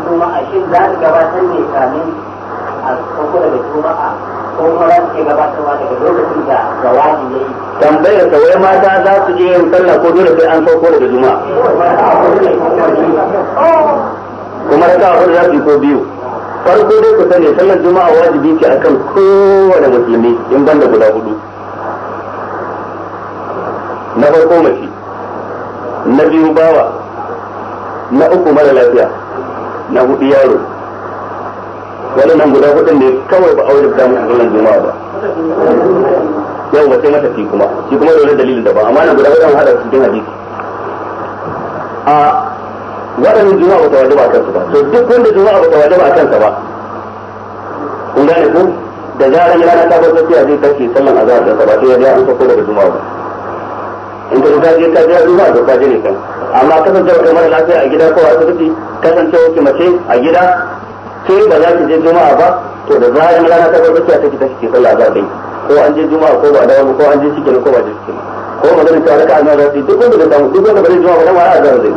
tambayar ta wai mata za su je yin sallah ko dole sai an sauko daga juma'a kuma da hudu za zafi ko biyu farko dai ku sani sallar juma'a wajibi ce akan kowane musulmi in banda guda hudu na farko mace na biyu bawa na uku mara lafiya na hudu yaro waɗannan guda hudun ne kawai ba aure da musu sallar juma'a ba yau ba sai mata kuma shi kuma da wani dalilin ba. amma na guda hudun hada cikin hadisi a waɗannan juma'a ba ta wajaba a kansu ba to duk wanda juma'a ba ta wajaba a kansa ba kun gane ku da zaran rana ta farko sai zai tashi sallan azhar da ba sai ya ga an sako daga juma'a ba in ka ka ka je juma'a to ka je ne kan amma kasancewa kai mara lafiya a gida ko a asibiti kasancewa ki mace a gida ke ba za ki je juma'a ba to da zaran rana ta bar bakiya take take sallah ba dai ko an je juma'a ko ba dawo ko an je cikin ko ba je cikin ko magana ta raka ana za duk wanda da duk wanda bare juma'a ba ma a zan zai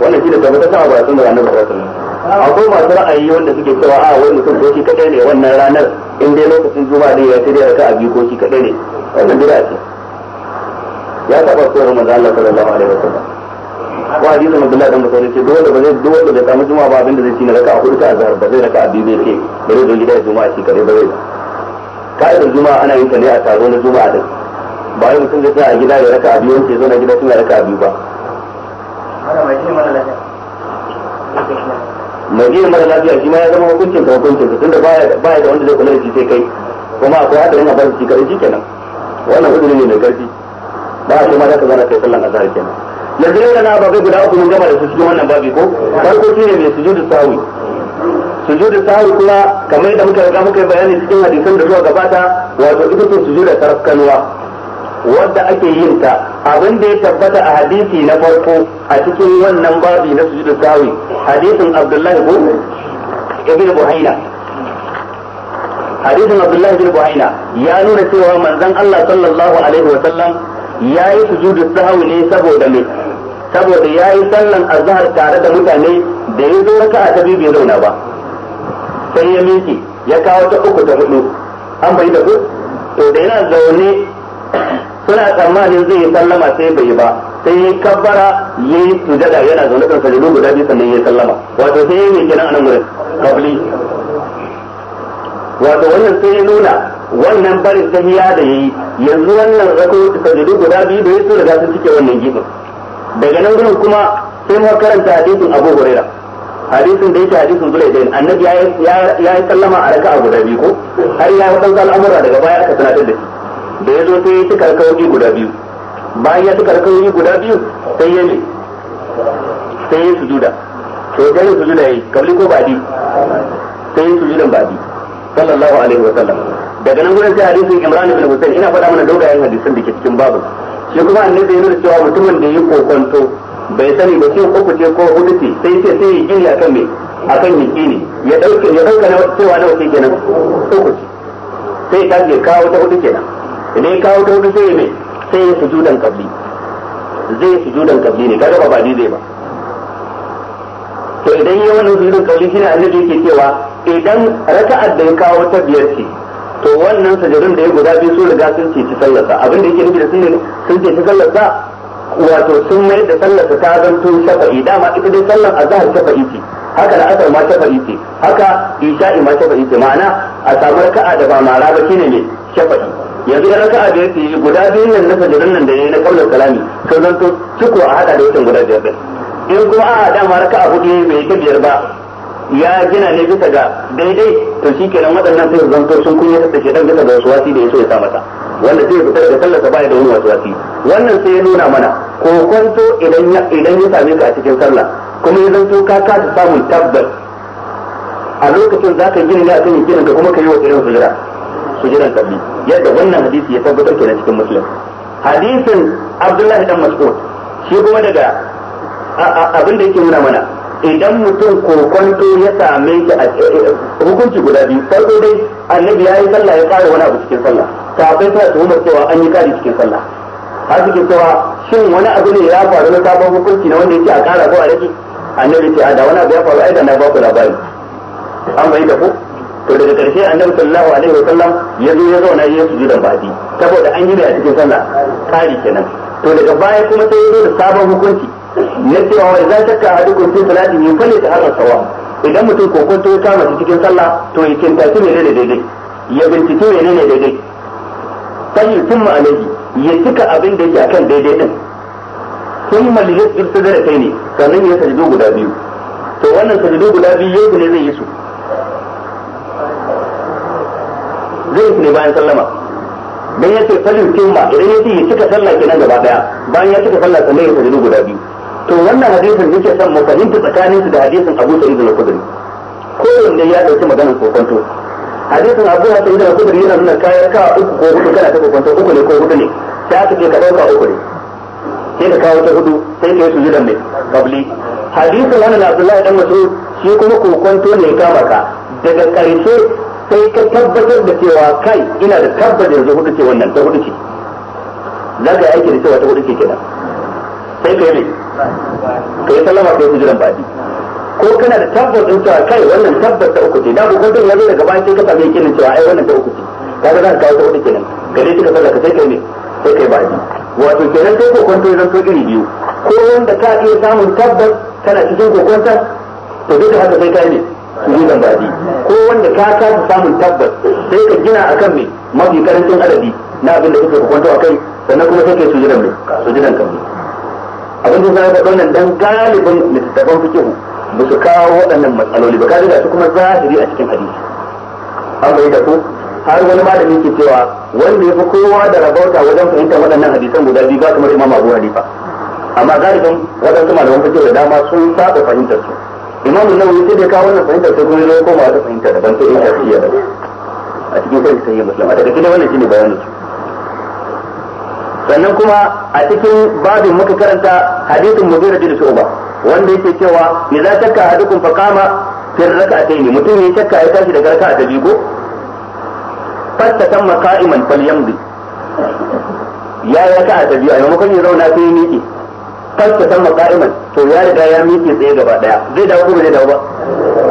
wannan shi da tabbata ta ba sun da annabi sallallahu alaihi wasallam akwai masu ra'ayi wanda suke cewa a wani mutum ko shi kadai ne wannan ranar in dai lokacin juma'a dai ya tare raka abi ko shi kadai ne wannan bid'a ce ya taba koyar manzo Allah sallallahu alaihi wasallam wa hadisin abdullahi ba na raka a hudu ta azhar ba zai raka a biyu zai ce ba zai zo gida juma'a shi kare ba zai ka'idar juma'a ana yin ta ne a taro na juma'a din ba mutum zai tsaya a gida ya raka a biyu wanda ya zo na gida raka a biyu ba ma zama hukuncin hukuncin da a karfi a shi ma za ka zana kai sallan azhar kenan yanzu ne na ababai guda uku mun gama da su cikin wannan babi ko farko shine mai sujudu sawi sujudu sawi kuma kamar yadda muka riga muka yi bayani cikin hadisan da zuwa gabata wato ita ce sujudu tarkanuwa wadda ake yin ta abin da ya tabbata a hadisi na farko a cikin wannan babi na sujudu sawi hadisin abdullahi ko ibn buhaina hadisin abdullahi ibn buhaina ya nuna cewa manzon Allah sallallahu alaihi wa sallam ya yi sujudu sahwi ne saboda me saboda ya yi sallan azhar tare da mutane da ya zo raka a tabi bai zauna ba sai ya miki ya kawo ta uku ta hudu an bai da ku to da yana zaune suna tsammanin zai yi sallama sai bai yi ba sai ya kabbara ya yi sujada yana zaune kan sajadu guda biyu sannan ya sallama wato sai ya yi kenan anan wurin kabli wato wannan sai ya nuna wannan barin tahiya da ya yi yanzu wannan rakau sajadu guda biyu da ya so da za su cike wannan gibin daga nan gurin kuma sai mu karanta hadisin Abu Huraira hadisin da yake hadisin Zulaidain annabi ya ya ya sallama a raka'a guda biyu ko har ya yi dan al'amura daga baya aka sanar da shi da ya zo sai ya tuka alƙawari guda biyu bayan ya tuka alƙawari guda biyu sai ya ne sai ya sujuda to dai sujuda yayi kabli ko badi sai ya sujudan badi sallallahu alaihi wa sallam daga nan gurin sai hadisin Imran ibn Hussein ina faɗa mana dogayen hadisin da ke cikin babu shi kuma annabi yana da cewa mutumin da ya kokonto bai sani ba shi uku ce ko hudu ce sai ce sai ya gini akan me akan yakini ya dauke ya dauka na cewa na ce kenan uku ce sai ya ya kawo ta hudu kenan idan ya kawo ta hudu sai ya me sai ya sujudan kabli zai yi sujudan kabli ne kaga ba ba ni zai ba to idan ya wannan sujudan kabli shine annabi yake cewa idan raka'ar da ya kawo ta biyar ce to wannan sajadun da ya guda biyu sun riga sun ceci sallarsa abin da yake nufi da sunne sun ceci sallarsa wato sun mai da sallarsa ta zanto shafa'i dama ita dai sallar azhar shafa'i ce haka la'asar ma shafa'i ce haka isha'i ma shafa'i ce ma'ana a samu raka'a da ba mara ba shine ne shafa'i yanzu da raka'a da yake guda biyun nan na sajadun nan da yi na kwallon kalami sun zanto ciko a haɗa da wutan guda biyar ɗin in kuma a'a dama raka'a hudu bai ta biyar ba ya gina ne bisa ga daidai to shi kenan waɗannan sai zanto sun kunya ta shi dan bisa ga wasu wasi da ya so ya sa mata wanda sai fitar da sallarsa baya da wani wasu wasi wannan sai ya nuna mana ko kwanto idan ya idan ya same ka a cikin sallah kuma ya zanto ka kasa samun tabbas a lokacin za ka gina ne a kan gina ka kuma ka yi wa irin sujira sujiran tabbi yadda wannan hadisi ya tabbatar kenan cikin muslim hadisin abdullahi dan mas'ud shi kuma daga abin da yake nuna mana idan mutum kokonto ya same shi a eh, hukunci guda biyu farko dai annabi ya yi sallah ya kare wani abu cikin sallah kafin ta umar cewa an yi kare cikin sallah har suke cewa shin wani abu ne ya faru na sabon hukunci na wanda yake a kara ko a rage annabi ce a da wani abu ya faru aida na ba ku labari an bai da ku to daga karshe annabi sallallahu alaihi wa sallam ya zo ya zauna ya da baki saboda an yi ne a cikin sallah kare kenan to daga baya kuma sai ya zo da sabon hukunci yace wa idan shakka ahadukum fi salatihi falyataharra sawa idan mutum kokonto ya kama cikin sallah to ya ne da daidai ya bincike ne daidai sai kuma alaji ya cika abin da yake akan daidai din kuma liyasjud kai ne sannan ya sajido guda biyu to wannan sajido guda biyu yau ne zai yi su zai ne bayan sallama dan ce falin kimma idan ya ce ya cika sallah kenan gaba daya bayan ya cika sallah sannan ya sajdu guda biyu to wannan hadisin yake son mu fahimta tsakanin su da hadisin Abu Sa'id al-Khudri ko wanda ya dauki maganar kokonto hadisin Abu Sa'id al-Khudri yana nuna kai ka uku ko hudu kana ta kokonto uku ne ko hudu ne sai aka ce ka dauka uku ne sai ka kawo ta hudu sai ka yi jidan ne kabli hadisin wannan Abdullahi dan Mas'ud shi kuma kokonto ne kama ka daga karshe sai ka tabbatar da cewa kai ina da tabbatar da hudu ce wannan ta hudu ce za ka aiki da cewa ta hudu ce kenan sai ka yi ka yi sallama ka yi sujudan baɗi ko kana da tabbas din cewa kai wannan tabbas ta uku ce da ko ya yazo daga bayan sai ka same kinin cewa ai wannan ta uku ce kaga za ka kawo ta uku kenan gare shi ka sallaka sai kai ne sai kai baɗi wato kenan sai ko kwanto ya zanto iri biyu ko wanda ka iya samun tabbas kana cikin kwanta to duk da haka sai kai ne sujudan baɗi ko wanda ka kasa samun tabbas sai ka gina akan me mafi karancin adadi na abin da kuka kwanto kai sannan kuma sai kai sujudan ne sujudan kamar abin da zai faɗo nan dan galibin fi fikihu ba su kawo waɗannan matsaloli ba kaji da su kuma zahiri a cikin hadisi an bai da ku har wani da ke cewa wanda ya fi kowa da rabauta wajen fahimtar waɗannan hadisan guda biyu ba kamar imam abu hanifa amma galibin waɗansu malaman fikihu da dama sun saba fahimtar su imam nawawi sai da kawo wannan fahimtar sai kuma ya koma wata fahimta daban sai ya shafi iya da a cikin sai sai ya a daga cikin wannan shine bayanin su sannan kuma a cikin babin muka karanta hadisin mugira bin shu'ba wanda yake cewa idza shakka ahadukum fa qama fi rak'atayn mutum ya shakka ya tashi daga raka'a ta biyu ko maka'iman qa'iman falyamdi ya ya ka ta biyu a maimakon ya zauna sai ya miƙe fastatamma qa'iman to ya riga ya miƙe tsaye gaba daya zai dawo ko ba zai dawo ba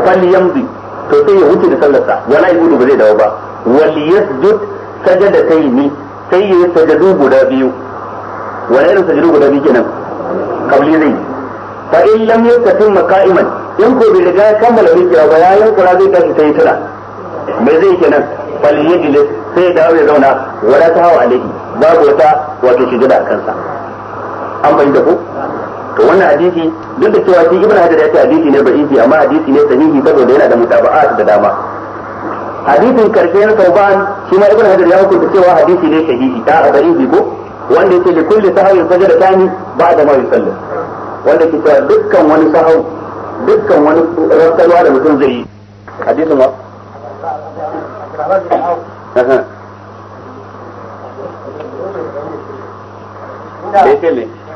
falyamdi to sai ya wuce da sallarsa wala yudu ba zai dawo ba wal yasjud sajadataini sai ya yi sajadu guda biyu wani irin sajadu guda biyu kenan kabli zai fa in lam yastatim qa'iman in ko bai riga ya kammala zikira ba ya kura zai tashi sai tuna me zai kenan fal yajlis sai dawo ya zauna wala ta hawa alayhi babu wata wato sujuda kansa an fahimta ko to wannan hadisi duk da cewa shi ibnu hajar ya ce hadisi ne da'ifi amma hadisi ne sahihi saboda yana da mutaba'at da dama hadisin karshe na sauban shi ma ibn hajar ya hukunta cewa hadisi ne shahihi ta a da'ibi ko wanda yake da kulli yin sajar da tani ba da ma yusalli wanda ke cewa dukkan wani sahau dukkan wani rantsarwa da mutum zai yi hadisin wa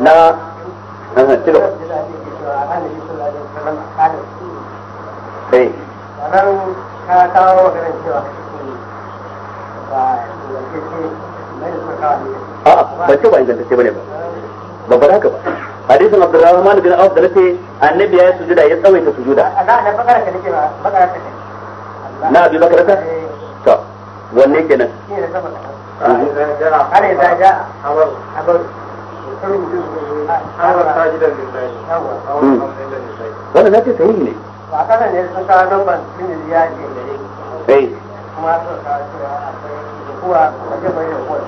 na eh. na ka kawo maganar cewa ba ce ba ingantacce bane ba babbar haka ba hadisin abdurrahman bin auf da nace annabi ya sujuda ya tsawaita sujuda na abi ta eh. to wanne kenan wannan na ne ba ne sun kawo don ban sun yi ya ce sai eh. kuma sun kawo cewa akwai kuwa wajen bayyana kuwa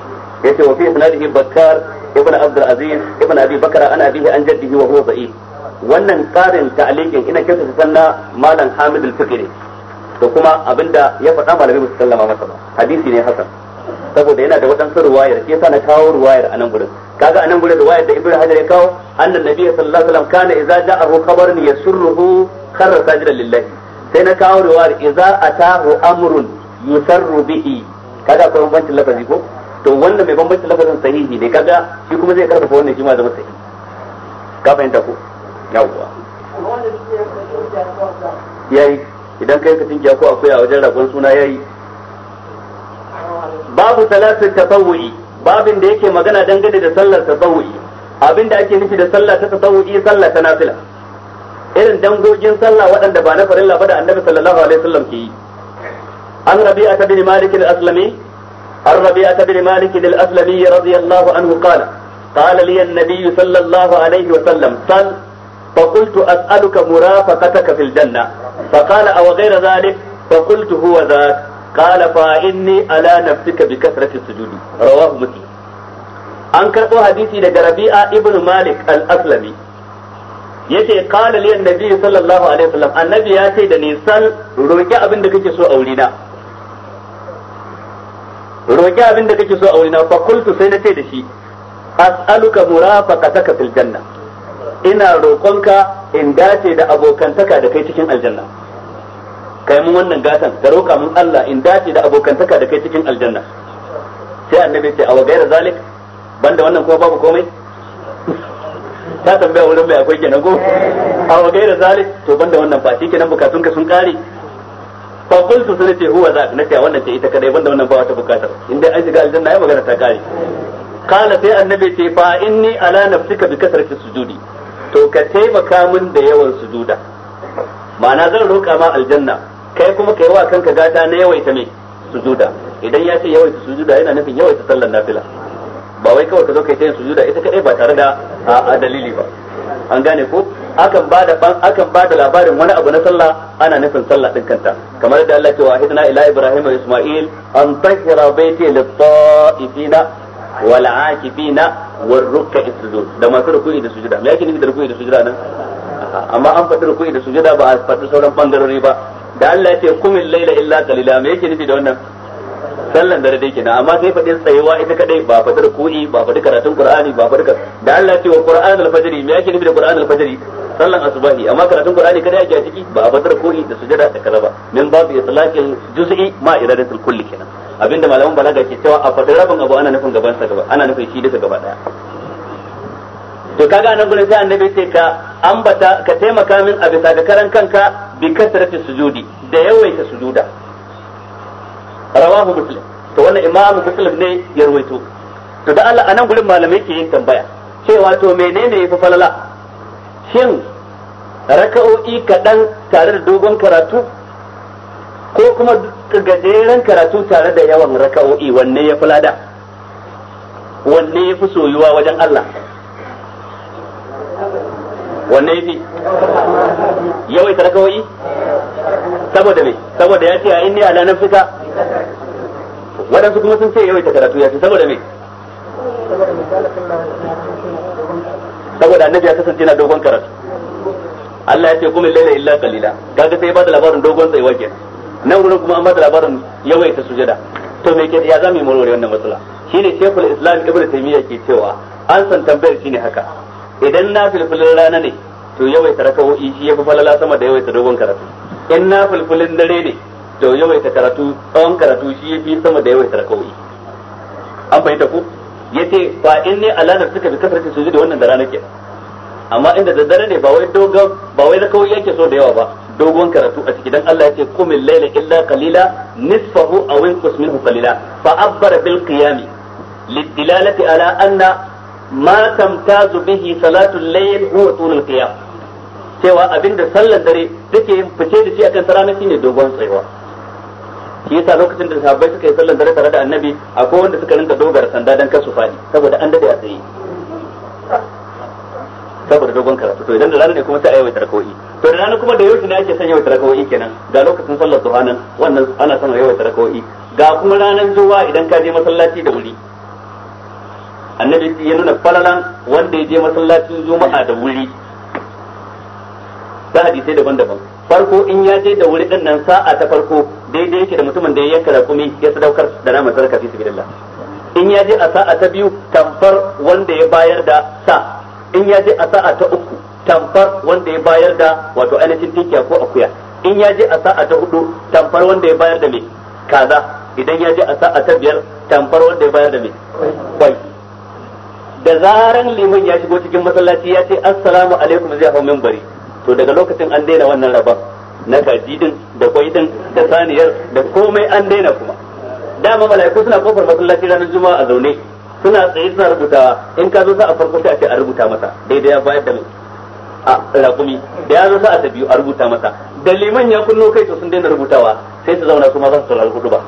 yace wa fi sanadihi bakkar ibn abdul aziz ibn abi bakara an bihi an jaddihi wa huwa Ba'i. wannan karin ta'liqin ina kinsa su sanna malam hamid al-fikri to kuma abinda ya faɗa malami musu sallama masa ba hadisi ne hasan saboda yana da waɗansu ruwayar ke sa na kawo ruwayar a nan gurin kaga anan gure riwayar da ibnu hajar ya kawo annan nabi sallallahu alaihi wasallam kana idza ja'ahu khabarun yasurruhu kharra sajidan lillahi sai na kawo riwayar idza atahu amrun yusarru bihi kaga akwai bambancin lafazi ko to wanda mai bambancin lafazin sahihi ne kaga shi kuma zai karfafa wannan shi ma zama sahihi ka fahimta ko yawwa yayi idan kai ka tinkiya ko akwai a wajen rabon suna yayi babu salatu tatawwi babin da yake magana dangane da sallar tasawu'i abin da ake nufi da sallah ta tasawu'i sallah ta nafila irin dangogin sallah waɗanda ba na farilla ba da annabi sallallahu alaihi wasallam ke yi an rabi'a ta bin malik al-aslami an rabi'a ta bin malik al-aslami radiyallahu anhu qala qala li an-nabiy sallallahu alaihi wasallam sal فقلت أسألك مرافقتك في الجنة فقال أو غير ذلك فقلت هو ذاك qala fa inni ala nafsika bi kasrati sujudi rawahu muslim an karbo hadisi daga rabi'a ibn malik al-aslami yace qala li annabi sallallahu alaihi wasallam annabi ya ce da ni sal roki abin da kake so aure na roki abin da kake so aure fa qultu sai na ce da shi as'aluka murafaqataka fil janna ina roƙonka in dace da abokantaka da kai cikin aljanna kai mun wannan gatan ka roƙa mun Allah in dace da abokantaka da kai cikin aljanna sai annabi ce a wagaira zalik banda wannan kuma babu komai <laughs> ta tambaya wurin mai akwai kenan ko a wagaira zalik to banda wannan ba shi kenan bukatunka sun kare fa qultu sai ce huwa zalik nake wannan ce ita kadai banda wannan ba wata bukata in dai an shiga aljanna ai magana ta kare kala sai annabi ce fa inni ala nafsika bi kasrati sujudi to ka taimaka mun da yawan sujuda ma'ana zan roƙa ma aljanna kai kuma kai wa kanka gata na yawaita mai sujuda idan ya ce yawaita sujuda yana nufin yawaita sallar nafila ba wai kawai ka zo kai ta yin sujuda ita kadai ba tare da a dalili ba an gane ko akan ba da akan ba da labarin wani abu na sallah ana nufin sallah din kanta kamar da Allah ce wa ila ibrahim wa isma'il an tahira baiti lit-ta'ifina wal 'akifina war ruk'a sujud da masu ruku'i da sujuda me yake nufi da rukuni da sujuda nan amma an faɗi ruku'i da sujuda ba a faɗi sauran bangarori ba da Allah ya ce kumil laila illa qalila me yake nufi da wannan sallan dare dai kenan amma sai fadin tsayewa ita kadai ba fadar ku'i ba fadar karatun qur'ani ba fadar da Allah ya ce wa qur'an al-fajr me yake nufi da qur'an al-fajr sallan asubahi amma karatun qur'ani kadai yake a ciki ba fadar ku'i da sujada da kalaba ba min babu islaqil juz'i ma iradatul kulli kenan abinda malaman balaga ke cewa a fadar rabin abu ana nufin gaban sa gaba ana nufin shi duka gaba daya to kaga nan gure sai annabi ce ka ambata ka taimaka min a bisa ga karan kanka bi kasrati sujudi da yawaita sujuda rawahu muslim to wannan imam muslim ne ya rawaito to da Allah anan gurin malamai ke yin tambaya cewa to menene yafi falala shin raka'o'i kaɗan tare da dogon karatu ko kuma gajeren karatu tare da yawan raka'o'i wanne ya fi lada wanne ya fi soyuwa wajen Allah wanne yafi yawai rakawai saboda me saboda ya ce a inni ala nafsika wadansu kuma sun ce yawai karatu ya ce saboda me saboda annabi ya kasance na dogon karatu Allah ya ce kuma lalai illa qalila kaga sai ba da labarin dogon tsayuwa wake nan gurin kuma an ba da labarin yawaita sujada to me ke ya zama yi murware wannan matsala shine shekul islam ibnu taymiya ke cewa an san tambayar shine haka idan na filfilin rana ne to yawai yawaita raka'o'i shi fi falala sama da yawai ta dogon karatu in na filfilin dare ne to yawai ta karatu tsawon karatu shi fi sama da yawai yawaita raka'o'i an fahimta ku ya ce fa in ne aladar suka bi kasarci su da wannan da nake amma inda daddare ne ba wai dogon ba wai yake so da yawa ba dogon karatu a ciki dan Allah yace qumil layla illa qalila nisfahu aw inqus minhu qalila fa abbara bil qiyam lidilalati ala anna ما تمتاز به salatu الليل هو طول القيام cewa abinda sallar dare take yin fice da shi akan sarana shine dogon tsayuwa shi lokacin da sahabbai suka yi sallar dare tare da annabi akwai wanda suka rinka dogara sanda dan kasu fadi saboda an dade a tsaye saboda dogon karatu to idan da rana ne kuma sai a yawaita to da rana kuma da yaushe ne ake son yawaita kenan ga lokacin sallar duha nan wannan ana yawaita ga kuma ranar zuwa idan ka je masallaci da wuri annabi ya nuna falalan wanda ya je masallacin juma'a da wuri da hadisai daban-daban farko in ya je da wuri din nan sa'a ta farko daidai yake da mutumin da ya yanka rakumi ya sadaukar da naman sarka fi sabilillah in ya je a sa'a ta biyu tamfar wanda ya bayar da sa in ya je a sa'a ta uku tamfar wanda ya bayar da wato ainihin tinkiya ko akuya in ya je a sa'a ta hudu tamfar wanda ya bayar da mai kaza idan ya je a sa'a ta biyar tamfar wanda ya bayar da mai kwai da zaran liman ya shigo cikin masallaci ya ce assalamu alaikum zai hau minbari to daga lokacin an daina wannan rabon na kaji din da kwai din da saniyar da komai an daina kuma dama mala'iku suna kofar masallaci ranar juma'a a zaune suna tsaye suna rubutawa in ka zo sa a farko sai a ce a rubuta masa daidai ya bayar da a rakumi da ya zo sa a ta biyu a rubuta masa da liman ya kunno kai to sun daina rubutawa sai su zauna kuma za su saurari hudu ba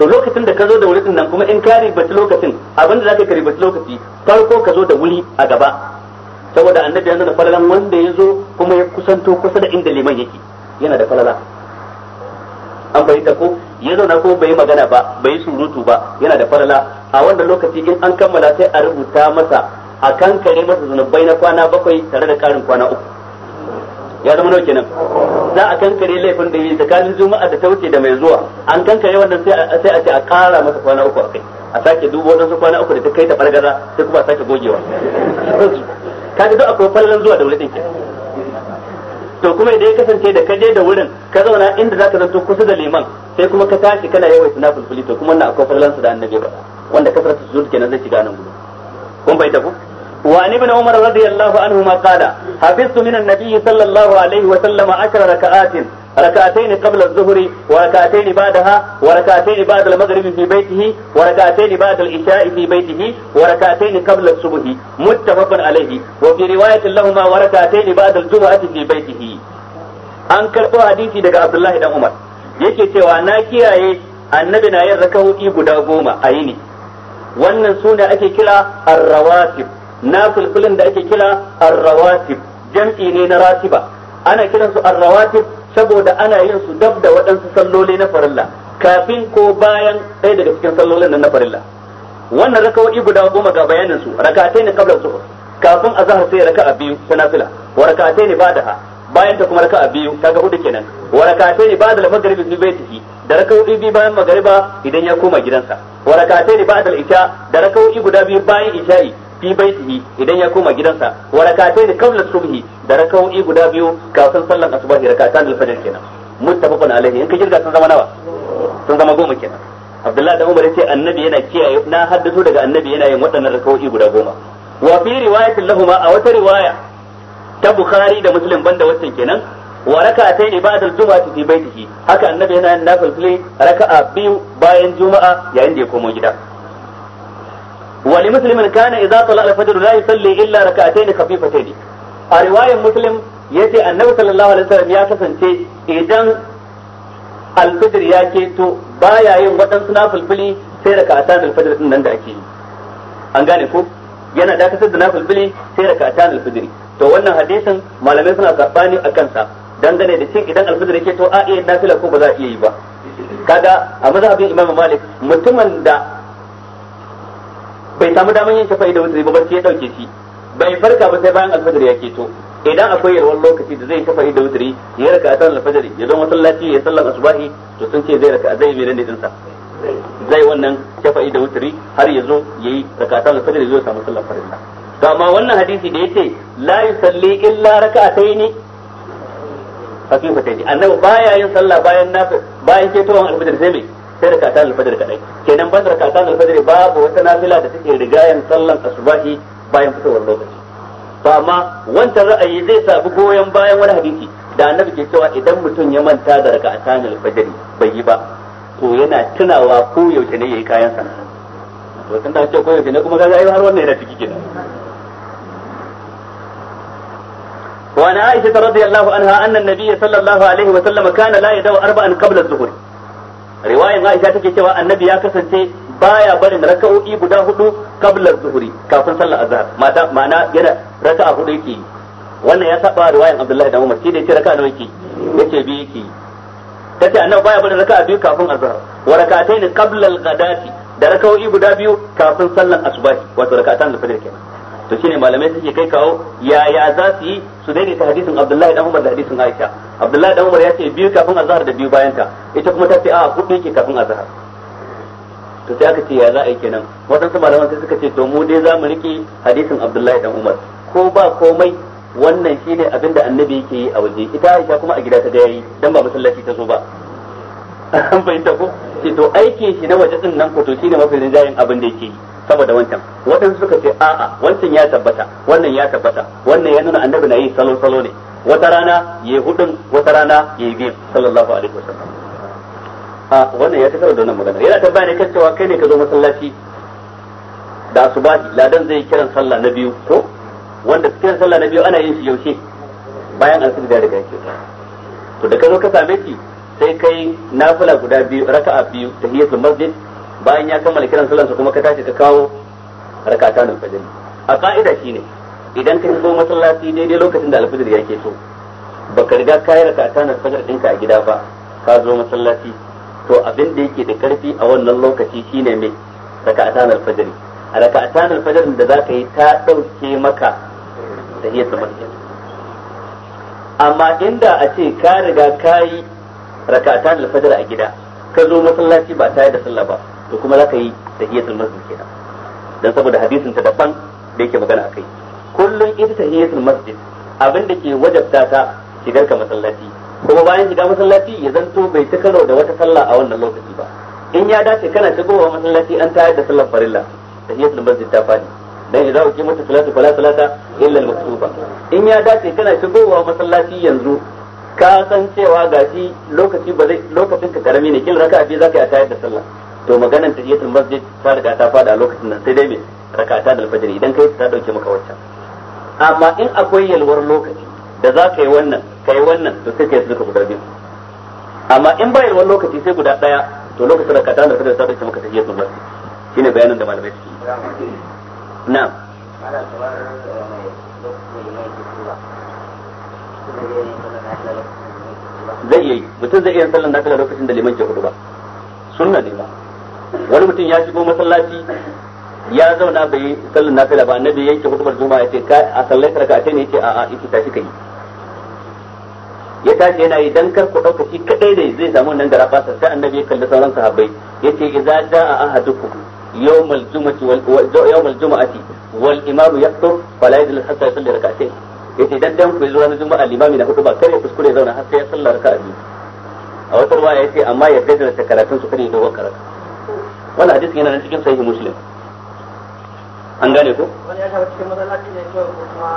to lokacin da ka zo da wuri din nan kuma in ka ribaci lokacin abin da zaka ka ribaci lokaci farko ka zo da wuri a gaba saboda annabi yana da falalan wanda ya zo kuma ya kusanto kusa da inda liman yake yana da falala an fahimta ko ya zauna ko bai magana ba bai surutu ba yana da falala a wannan lokaci in an kammala sai a rubuta masa a kan kare masa zunubai na kwana bakwai tare da karin kwana uku ya zama nauke nan za a kankare laifin da yi tsakanin juma'a da ta wuce da mai zuwa an kankare wannan sai a sai a ce a kara masa kwana uku akai a sake dubo wadansu kwana uku da ta kai ta bargaza sai kuma a sake gogewa <laughs> ka ji duk akwai fallan zuwa da wuri din to kuma idan ya kasance da ka je da wurin ka zauna inda zaka zanto kusa da liman sai kuma ka tashi kana yawaita nafil fulfuli to kuma wannan akwai fallan su da annabi ba wanda kasar su kenan zai shiga nan gudu kun bai tafi وعن ابن عمر رضي الله عنهما قال حفظت من النبي صلى الله عليه وسلم عشر ركعات ركعتين قبل الظهر وركعتين بعدها وركعتين بعد المغرب في بيته وركعتين بعد العشاء في بيته وركعتين قبل الصبح متفق عليه وفي رواية لهما وركعتين بعد الجمعة في بيته أنكر حديثي دقاء عبد الله بن عمر yake cewa na kiyaye annabi na yin rakawoyi guda goma a yini wannan suna ake kira arrawatib na fulfulin da ake kira arrawatib jam'i ne na ratiba ana kiransu arrawatib saboda ana yin su dab da waɗansu salloli na farilla kafin ko bayan ɗaya daga cikin sallolin nan na farilla wannan raka'o'i guda goma ga bayanin su raka'atai ne qabla zuhur kafin azhar sai raka'a biyu ta nafila wa raka'atai ne ba'daha bayan ta kuma raka'a biyu kaga hudu kenan wa raka'atai ne ba'da al maghribi fi baitihi da raka'o'i biyu bayan magariba idan ya koma gidansa wa raka'atai ne ba'da al-isha da raka'o'i guda biyu bayan isha'i fi baitihi idan ya koma gidansa wa rak'atayn qabla subhi da rakawi guda biyu kafin sallan asubahi rak'atan al-fajr kenan muttafaqun alaihi in ka jirga sun zama nawa sun zama goma kenan Abdullahi da Umar yace annabi yana kiyaye na haddatu daga annabi yana yin waɗannan rakawi guda goma wa fi riwayatil lahumma a wata riwaya ta Bukhari da Muslim banda waccan kenan wa rak'atayn ibadatul jumu'ati fi baitihi haka annabi yana yin nafil raka'a biyu bayan juma'a yayin da ya komo gida wali muslimin kana idza tala al-fajr la yusalli illa rak'atayn khafifatayn a riwayar muslim yace annabi sallallahu alaihi wasallam ya kasance idan al-fajr ya keto baya yin waɗansu fulfuli sai rak'atan al-fajr din nan da ake yi an gane ko yana dakatar da fulfuli sai rak'atan al-fajr to wannan hadisin malamai suna sabani akan sa dangane da cin idan al-fajr yake to a iya nafila ko ba za a iya yi ba kaga a mazhabin imam malik mutumin da bai samu damar yin shafa'i da wutri ba barci ya dauke shi bai farka ba sai bayan alfajir ya keto idan akwai yawan lokaci da zai shafa'i da wutri ya raka a kan alfajir ya zama masallaci ya sallar asubahi to sun ce zai raka zai mai nan sa zai wannan shafa'i da wutri har ya zo ya yi raka a rakatan alfajir ya zo samu sallar farilla to amma wannan hadisi da ya ce la yusalli illa ne raka'ataini fakifataini annabi baya yin sallah bayan nafi bayan ketawan alfajir sai mai sai rakatan alfajr kadai kenan ban rakatan alfajr babu wata nafila da take rigayen sallan asubahi bayan fitowar lokaci to amma wancan ra'ayi zai sabu goyon bayan wani hadisi da annabi ke cewa idan mutum ya manta da rakatan alfajr bai yi ba to yana tunawa ko yaushe ne yayi kayan sa to tun da ce ko yaushe ne kuma ga ai har wannan yana ciki kenan وعن عائشة رضي الله عنها أن النبي صلى الله عليه وسلم كان لا يدعو أربعا قبل الظهر riwayar Aisha take cewa annabi ya kasance baya barin raka'o'i guda hudu kabla zuhuri kafin sallar azhar mata ma'ana yana raka'a hudu yake wannan ya saba riwayar Abdullahi da Umar shi da yake raka'a nawa yake yace bi yake tace annabi baya barin raka'a biyu kafin azhar wa raka'atayn qabla al-ghadati da raka'o'i guda biyu kafin sallar asubahi wato raka'atan da fajr kenan to shine malamai suke kai kawo yaya za su yi su ta hadisin Abdullahi dan Umar da hadisin Aisha Abdullahi dan Umar ya ce biyu kafin azhar da biyu bayan ta ita kuma ta ce a hudu yake kafin azhar to sai aka ce ya za a yi kenan wadansu malaman sai suka ce to mu dai za mu rike hadisin Abdullahi dan Umar ko ba komai wannan shine abin da annabi yake yi a waje ita Aisha kuma a gida ta ga yayi dan ba masallaci ta zo ba an fahimta ko ce to aikin shi na waje din nan ko to shine mafi rinjayen abin da yake yi saboda wancan waɗansu suka ce a'a wancan ya tabbata wannan ya tabbata wannan ya nuna annabi na yi salo salo ne wata rana ya yi hudun wata rana ya yi biyu sallallahu alaihi wasallam a wannan ya ta karo da wannan magana yana tabbaya ne kan cewa kai ne ka zo masallaci da asubahi ladan zai kiran sallah na biyu ko wanda kiran sallah na biyu ana yin shi yaushe bayan asiri da daga yake to da ka zo ka same shi sai kai nafila guda biyu raka'a biyu tahiyatul masjid bayan ya kammala kiran sallar sa kuma ka tashi ka kawo rakata da fajiri a ka'ida shine idan ka shigo masallaci daidai lokacin da alfajir ya ke so baka riga ka yi rakata na alfajir ɗinka a gida ba ka zo masallaci to abin da yake da karfi a wannan lokaci shine mai rakata na alfajir a rakata na alfajir da za ka yi ta ɗauke maka da iya masjid amma inda a ce ka riga ka yi rakata na alfajir a gida ka zo masallaci ba tare da sallah ba to kuma za ka yi tahiyatul masjid kenan don saboda hadisin ta daban da yake magana akai Kullum ita tahiyatul masjid abin da ke wajabta ta shigar ka masallaci kuma bayan shiga masallaci ya zanto bai ta karo da wata sallah a wannan lokaci ba in ya dace kana shigowa masallaci an tayar da sallar farilla tahiyatul masjid ta fadi dan idza uqimat salatu fala salata illa al-maktuba in ya dace kana shigowa masallaci yanzu ka san cewa gashi lokaci ba zai lokacin ka karami ne kin raka'a bi zakai yi a tayar da sallah to maganar tahiyatul masjid ta riga ta fada a lokacin nan sai dai me rakata da alfajiri idan kai ta dauke maka waccan amma in akwai yalwar lokaci da za ka yi wannan ka yi wannan to sai ka yi suka guda biyu amma in ba yalwar lokaci sai guda daya to lokacin rakata da alfajiri ta dauke maka ta tahiyatul masjid shine bayanin da malamai suke na'am zai yi mutum zai iya sallan nafila lokacin da liman ke hudu ba sunna ne ba wani mutum ya shigo masallaci ya zauna bai sallar nafila ba annabi yanke hutubar juma'a ce kai a sallai karka a ne yace a a yace tashi kai ya tashi yana yi dan kar ku dauka shi kadai da zai samu nan gara fasa sai annabi ya kalli sauran sahabbai yace idza jaa ahadukum yawmal jumu'ati wal yawmal jumu'ati wal imamu yaqtu fala yadlu hatta yusalli rak'atayn yace dan dan ku zuwa juma'a limami na hutuba kare kuskure zauna har sai ya sallar raka'a biyu a wata ruwa yace amma ya da karatun su kare da karatu wannan hadisi yana nan cikin sahihi muslim an gane ko wani ya shafa cikin masallaci ne ko kuma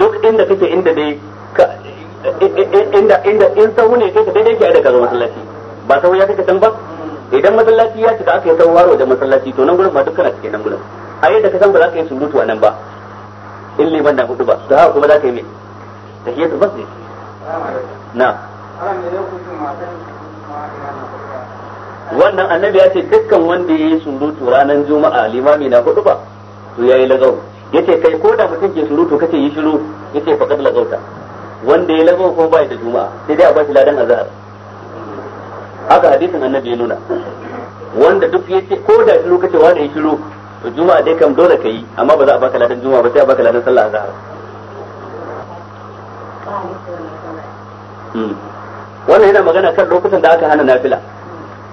duk inda kake inda dai inda inda in sahu ne kai ka daidai ke da ka zo masallaci ba sahu ya kake can ba idan masallaci ya cika aka yi sahu waro da masallaci to nan gurin ba dukkan kana cikin nan gurin a yadda ka san ba za ka yi surutu a nan ba in liman na hudu ba to haka kuma za ka yi mai tahiyatul masjid na ne Na. wannan annabi ya ce dukkan wanda ya yi surutu ranar juma'a limami na hudu ba to ya yi lagau ya ce kai ko da mutum ke surutu kace yi shiru ya ce faƙad lagauta wanda ya lagau ko bai da juma'a sai dai a bashi ladan azahar haka hadisin annabi ya nuna wanda duk ya ce ko da shiru kace wani yi shiru to juma'a dai kam dole ka yi amma ba za a baka ladan juma'a ba sai a baka ladan sallah azahar. Hmm. wannan yana magana kan lokutan da aka hana nafila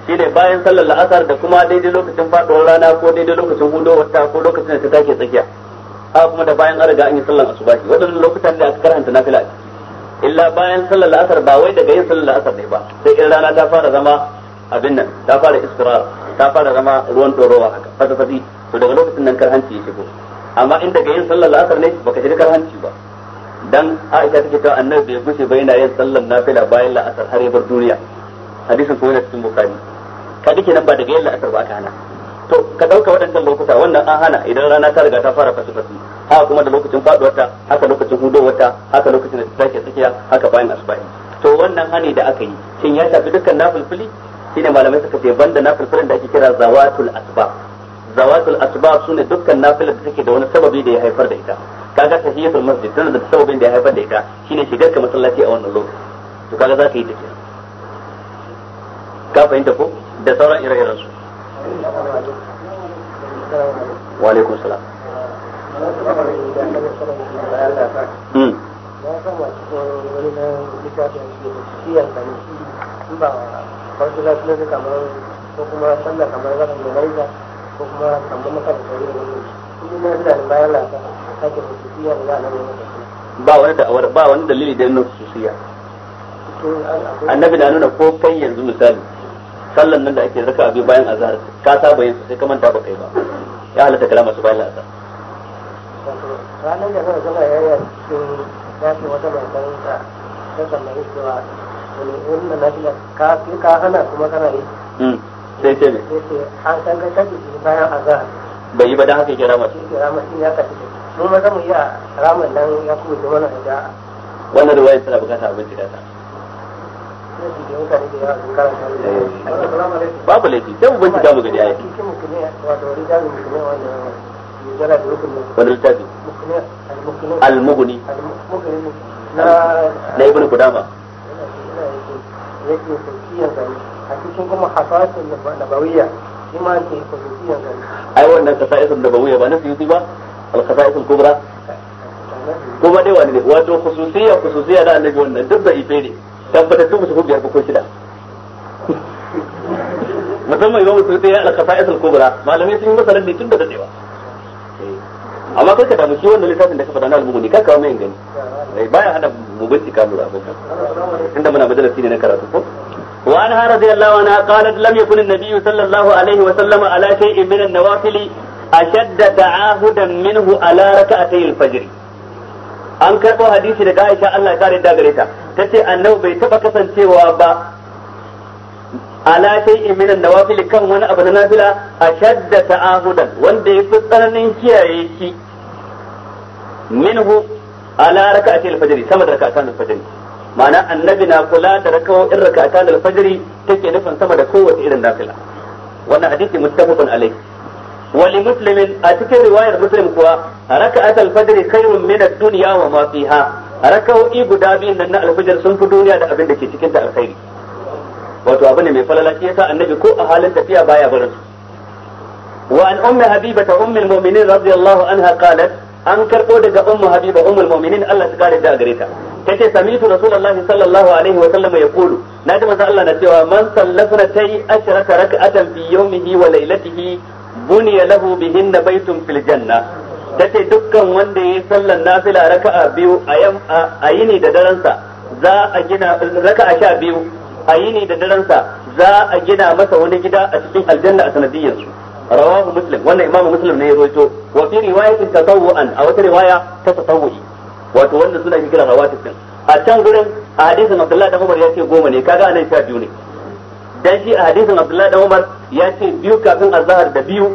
shi ne bayan sallar la'asar da kuma daidai lokacin faduwar rana ko daidai lokacin hudo wata ko lokacin da ta take tsakiya a kuma da bayan an an yi sallar asubahi waɗannan lokutan da aka karanta nafila illa bayan sallar la'asar ba wai daga yin sallar la'asar ne ba sai in rana ta fara zama abin nan ta fara iskira ta fara zama ruwan dorowa haka fata fati to daga lokacin nan karhanci ya shigo amma in daga yin sallar la'asar ne baka shiga karhanci ba dan Aisha take cewa annabi bai gushe ba yana yin sallan nafila bayan la'asar har ya bar duniya hadisin kuma yana cikin bukari ka dike nan ba daga yin la'asar ba aka hana to ka dauka waɗannan lokuta wannan an hana idan rana ta riga ta fara fasu fasu haka kuma da lokacin faduwarta haka lokacin hudowarta haka lokacin da ta take tsakiya haka bayan asbahi to wannan hani da aka yi shin ya shafi dukkan fili shine malamai suka ce banda fili da ake kira zawatul asbab zawatul asbab sune dukkan nafilar da take da wani sababi da ya haifar da ita kaga tahiyatul masjid tana da sababin da ya haifar da ita shine shigar ka masallaci a wannan lokaci to kaga za ka yi ta ka fahimta ko da sauran ire-iren su wa alaikum salam mm ko kuma kamar ko kuma ba wani da'awar ba wani dalili da nuna annabi na nuna ko kai yanzu misali sallan nan da ake raka abi bayan azhar ka saba yin sai kamar manta ba kai ba ya halatta kalama masu hmm, bayan azhar ranar da zan zama yi sai haka kira mu ma zamu iya ramin nan ya kuma da wannan da wannan ruwaya tana bukata a bincika ta babu laifi sai mu bincika mu gani ai wani littafi al-mughni na ibn qudama a cikin kuma hasasin nabawiyya shi ma ke tafiyar gari ai wannan nabawiyya ba na siyusi ba al-khasa'is kubra kuma dai wani ne wato khususiyya khususiyya da annabi wannan duk da ife ne tabbata duk su biyar ko shida musamman imam suyuti ya al-khasa'is kubra malamai sun yi masa tun da dadewa amma kai ka damu shi wannan littafin da ka faɗa na al-mughni ka kawo mai gani eh, baya hada mu bincika mu abokan inda muna majalisi ne na karatu ko Wa وعنها رضي qalat lam yakun an-nabiy sallallahu alaihi wa sallam ala shay'in min an-nawafil ashadda ta'ahudan minhu ala raka'atayil fajr an karɓo hadisi daga Aisha Allah ya kare da gare ta tace annabi bai taɓa kasancewa ba ala shay'in min an-nawafil kan wani abu na nafila ashadda ta'ahudan wanda yafi tsananin kiyaye shi minhu ala raka'atil fajr sama da raka'atan al-fajr ma'ana annabi na kula da rakawoyin raka'atan al-fajr take nufin sama da kowace irin nafila wannan hadisi muttafaqun alayhi wali muslimin a cikin riwayar muslim kuwa raka'at al-fajr khairun min ad-dunya wa ma fiha raka'o'i guda biyun nan na al sun fi duniya da abin da ke cikin ta alkhairi wato abin ne mai falala shi yasa annabi ko a halin tafiya baya barin su wa an Habiba ta ummul mu'minin radiyallahu anha qalat an karbo daga ummu habiba ummul mu'minin Allah ta kare da gare ta tace samitu rasulullahi sallallahu alaihi wa sallam ya yaqulu naji manzo Allah na cewa man sallafna tay ashraka rak'atan fi yawmihi wa laylatihi buniya lahu bihinna baitun Filjanna ta ce dukkan wanda ya yi sallar nafila raka'a biyu a yam a yini da daren sa za a gina raka'a sha biyu a yini da daren sa za a gina masa wani gida a cikin aljanna a sanadiyyar su rawahu muslim wannan imamu muslim ne ya rawaito wa fi riwayatin an, a wata riwaya ta tatawwu'i wato wannan suna kira rawatib din a can gurin a hadisin Abdullah da Umar ya ce goma ne kaga anan sha biyu ne dan shi a hadisin Abdullahi dan Umar ya ce biyu kafin azhar da biyu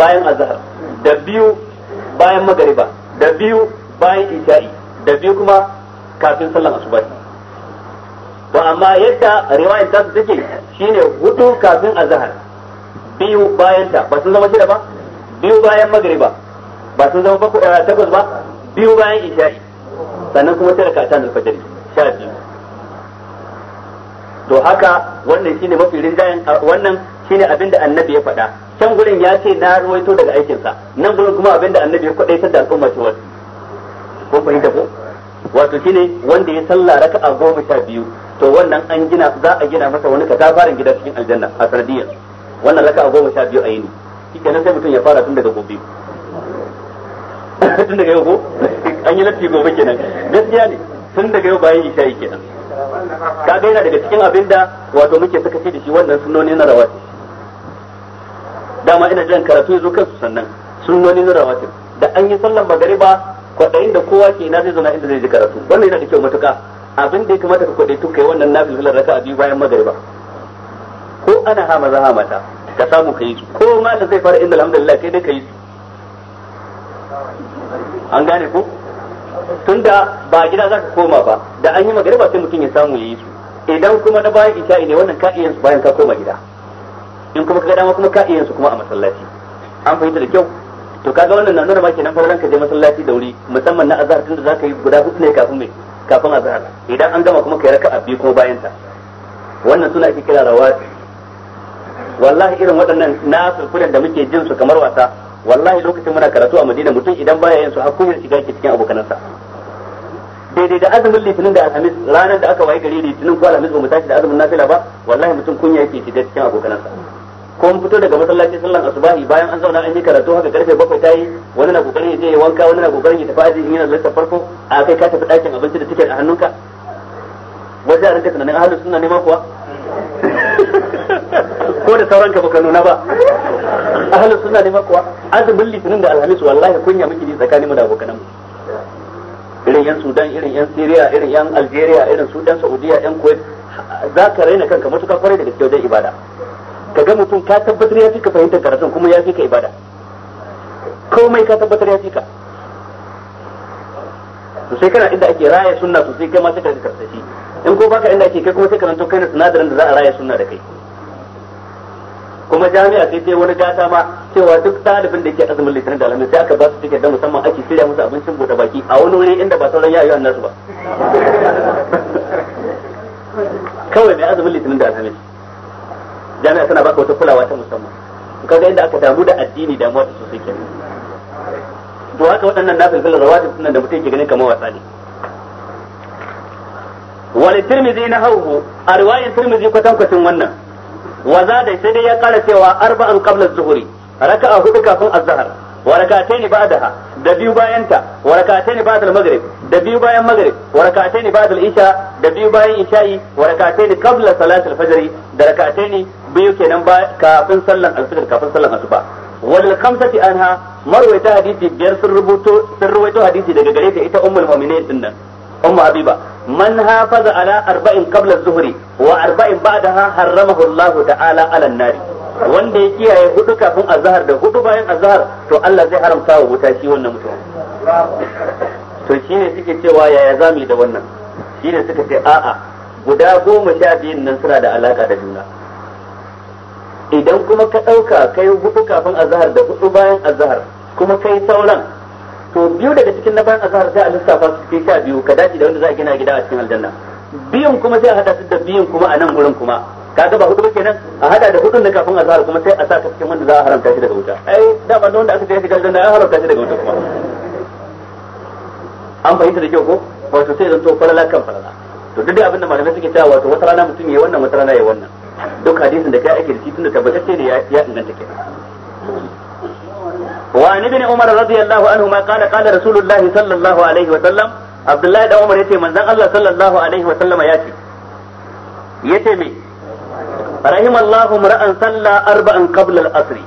bayan azhar da biyu bayan magariba da biyu bayan isha'i da biyu kuma kafin sallan asuba to amma yadda riwayar ta take shine hudu kafin azhar biyu bayan ta ba sun zama shida ba biyu bayan magariba ba sun zama bakwai eh, takwas ba biyu bayan isha'i sannan kuma tara ka ta alfajiri sha biyu to haka wannan shine mafi rinjayen wannan shine abin da annabi ya faɗa can gurin ya ce na ruwaito daga aikinsa nan gurin kuma abin da annabi ya kwadaitar da al'umma wasu ko fahimta ko wato shine wanda ya raka a goma sha biyu to wannan an gina za a gina masa wani katafaren gida cikin aljanna a sardiya wannan raka a goma sha biyu a yini shikenan sai mutum ya fara tun daga gobe <coughs> tun daga yau ko an yi latti gobe kenan gaskiya ne tun daga yau bayan isha'i kenan Ka ga yana daga cikin abinda wato muke sakaci da shi wannan sunnoni na rawatib dama ina jiran karatu ya zo kansu sannan sunnoni na rawatib da an yi sallan magariba kwaɗayin da kowa ke na zai na inda zai ji karatu wannan yana da kyau matuka abin da ya kamata ka kwaɗe tun kai wannan nafilar raka a biyu bayan magariba ko ana hama za hamata ka samu ka yi su ko ma zai fara inda alhamdulillah kai dai ka yi su an gane ko tunda ba gida za ka koma ba da an yi ba sai mutum ya samu ya yi su idan kuma na bayan isha'i ne wannan ka iya bayan ka koma gida in kuma ka dama kuma ka iya kuma a masallaci an fahimta da kyau to kaga wannan na nuna ma kenan farlan ka je masallaci da wuri musamman na azhar tunda za ka yi guda hudu ne kafin mai kafin azhar idan an gama kuma kai raka'a biyu kuma bayan ta wannan suna ake kira rawati wallahi irin waɗannan na sulfunan da muke jin su kamar wasa wallahi lokacin muna karatu a madina mutum idan baya yin su har kunyar shiga yake cikin abokanansa daidai da azumin litinin da alhamis ranar da aka waye gari litinin ko alhamis ba mu tashi da azumin nafila ba wallahi mutum kunya yake shiga cikin abokanansa ko mun fito daga masallaci sallan asubahi bayan an zauna an yi karatu haka karfe bakwai tayi wani na kokarin ya je ya wanka wani na kokarin ya tafi aji in yana lissa farko a kai ka tafi ɗakin abinci da tiket a hannunka wajen a rinka tunanin ahalus suna nema kuwa ko da sauran ka baka nuna ba ahlus sunna ne kuwa azumin litinin da alhamis wallahi kunya miki ne tsakaninmu da abokan mu irin yan sudan irin yan syria irin yan algeria irin su dan saudiya yan kuwait za ka raina kanka matuƙa kwarai da gaske wajen ibada ka ga mutum ka tabbatar ya fika fahimtar karatun kuma ya fika ibada komai ka tabbatar ya fika to sai kana inda ake raya sunna sosai kai ma sai ka karsashi in ko baka inda ke kai kuma sai karanto kai na sinadarin da za a raya sunna da kai kuma jami'a sai sai wani gata ma cewa duk ɗalibin da ke azumin litinin da alamin sai aka ba su tiket da musamman ake shirya musu abincin bude baki a wani wuri inda ba sauran yayi su ba kawai mai azumin litinin da alamin jami'a tana baka wata kulawa ta musamman kaga inda aka damu da addini damuwa ta sosai kenan to haka waɗannan nafil fil rawatib sunan da mutum ke ganin kamar wasa ne wal na hauhu a riwayar tirmidhi kwatankwacin wannan wa zada sai dai ya kara cewa arba'an qabla zuhuri zuhri a hudu kafin az-zuhr wa rak'atayn ba'daha da biyu bayan ta wa rak'atayn ba'da maghrib da biyu bayan maghrib wa rak'atayn ba'da isha da biyu bayan isha'i wa rak'atayn qabla salat al-fajr da rak'atayn biyu kenan kafin sallan al-fajr kafin sallan asuba wal khamsati anha marwayta hadisi biyar sun rubuto sun ruwaito hadisi daga gare ta ita ummul mu'minin din nan ummu habiba man حافظ ala arba'in قبل zuhri wa arba'in ba'daha haramahu Allah ta'ala ala nari wanda ya kiyaye hudu kafin azhar da hudu bayan azhar to Allah zai haramta wa wuta shi wannan mutum to shine suke cewa yaya zamu da wannan shine suka ce a'a guda goma sha biyun nan suna da alaka da juna idan kuma ka ɗauka kai hudu kafin azhar da hudu bayan azhar kuma kai sauran to biyu daga cikin na bayan azhar sai a lissafa su cikin sha biyu ka dace da wanda za a gina gida a cikin aljanna biyun kuma sai a hada su da biyun kuma a nan gurin kuma kaga ba hudu ba kenan a hada da hudun da kafin azhar kuma sai a sa ka cikin wanda za a haramta shi daga wuta ai da da wanda aka je shiga aljanna ya haramta shi daga wuta kuma an fahimta da kyau ko wato sai to falala kan falala to duk abin da malamai suke cewa wato wata rana mutum yayi wannan wata rana yayi wannan duk hadisin da kai ake da shi tunda tabbatacce ne ya inganta kenan وعن ابن عمر رضي الله عنهما قال قال رسول الله صلى الله عليه وسلم عبد الله بن عمر يتي من الله صلى الله عليه وسلم ياتي يتي مي رحم الله امرا صلى اربعا قبل العصر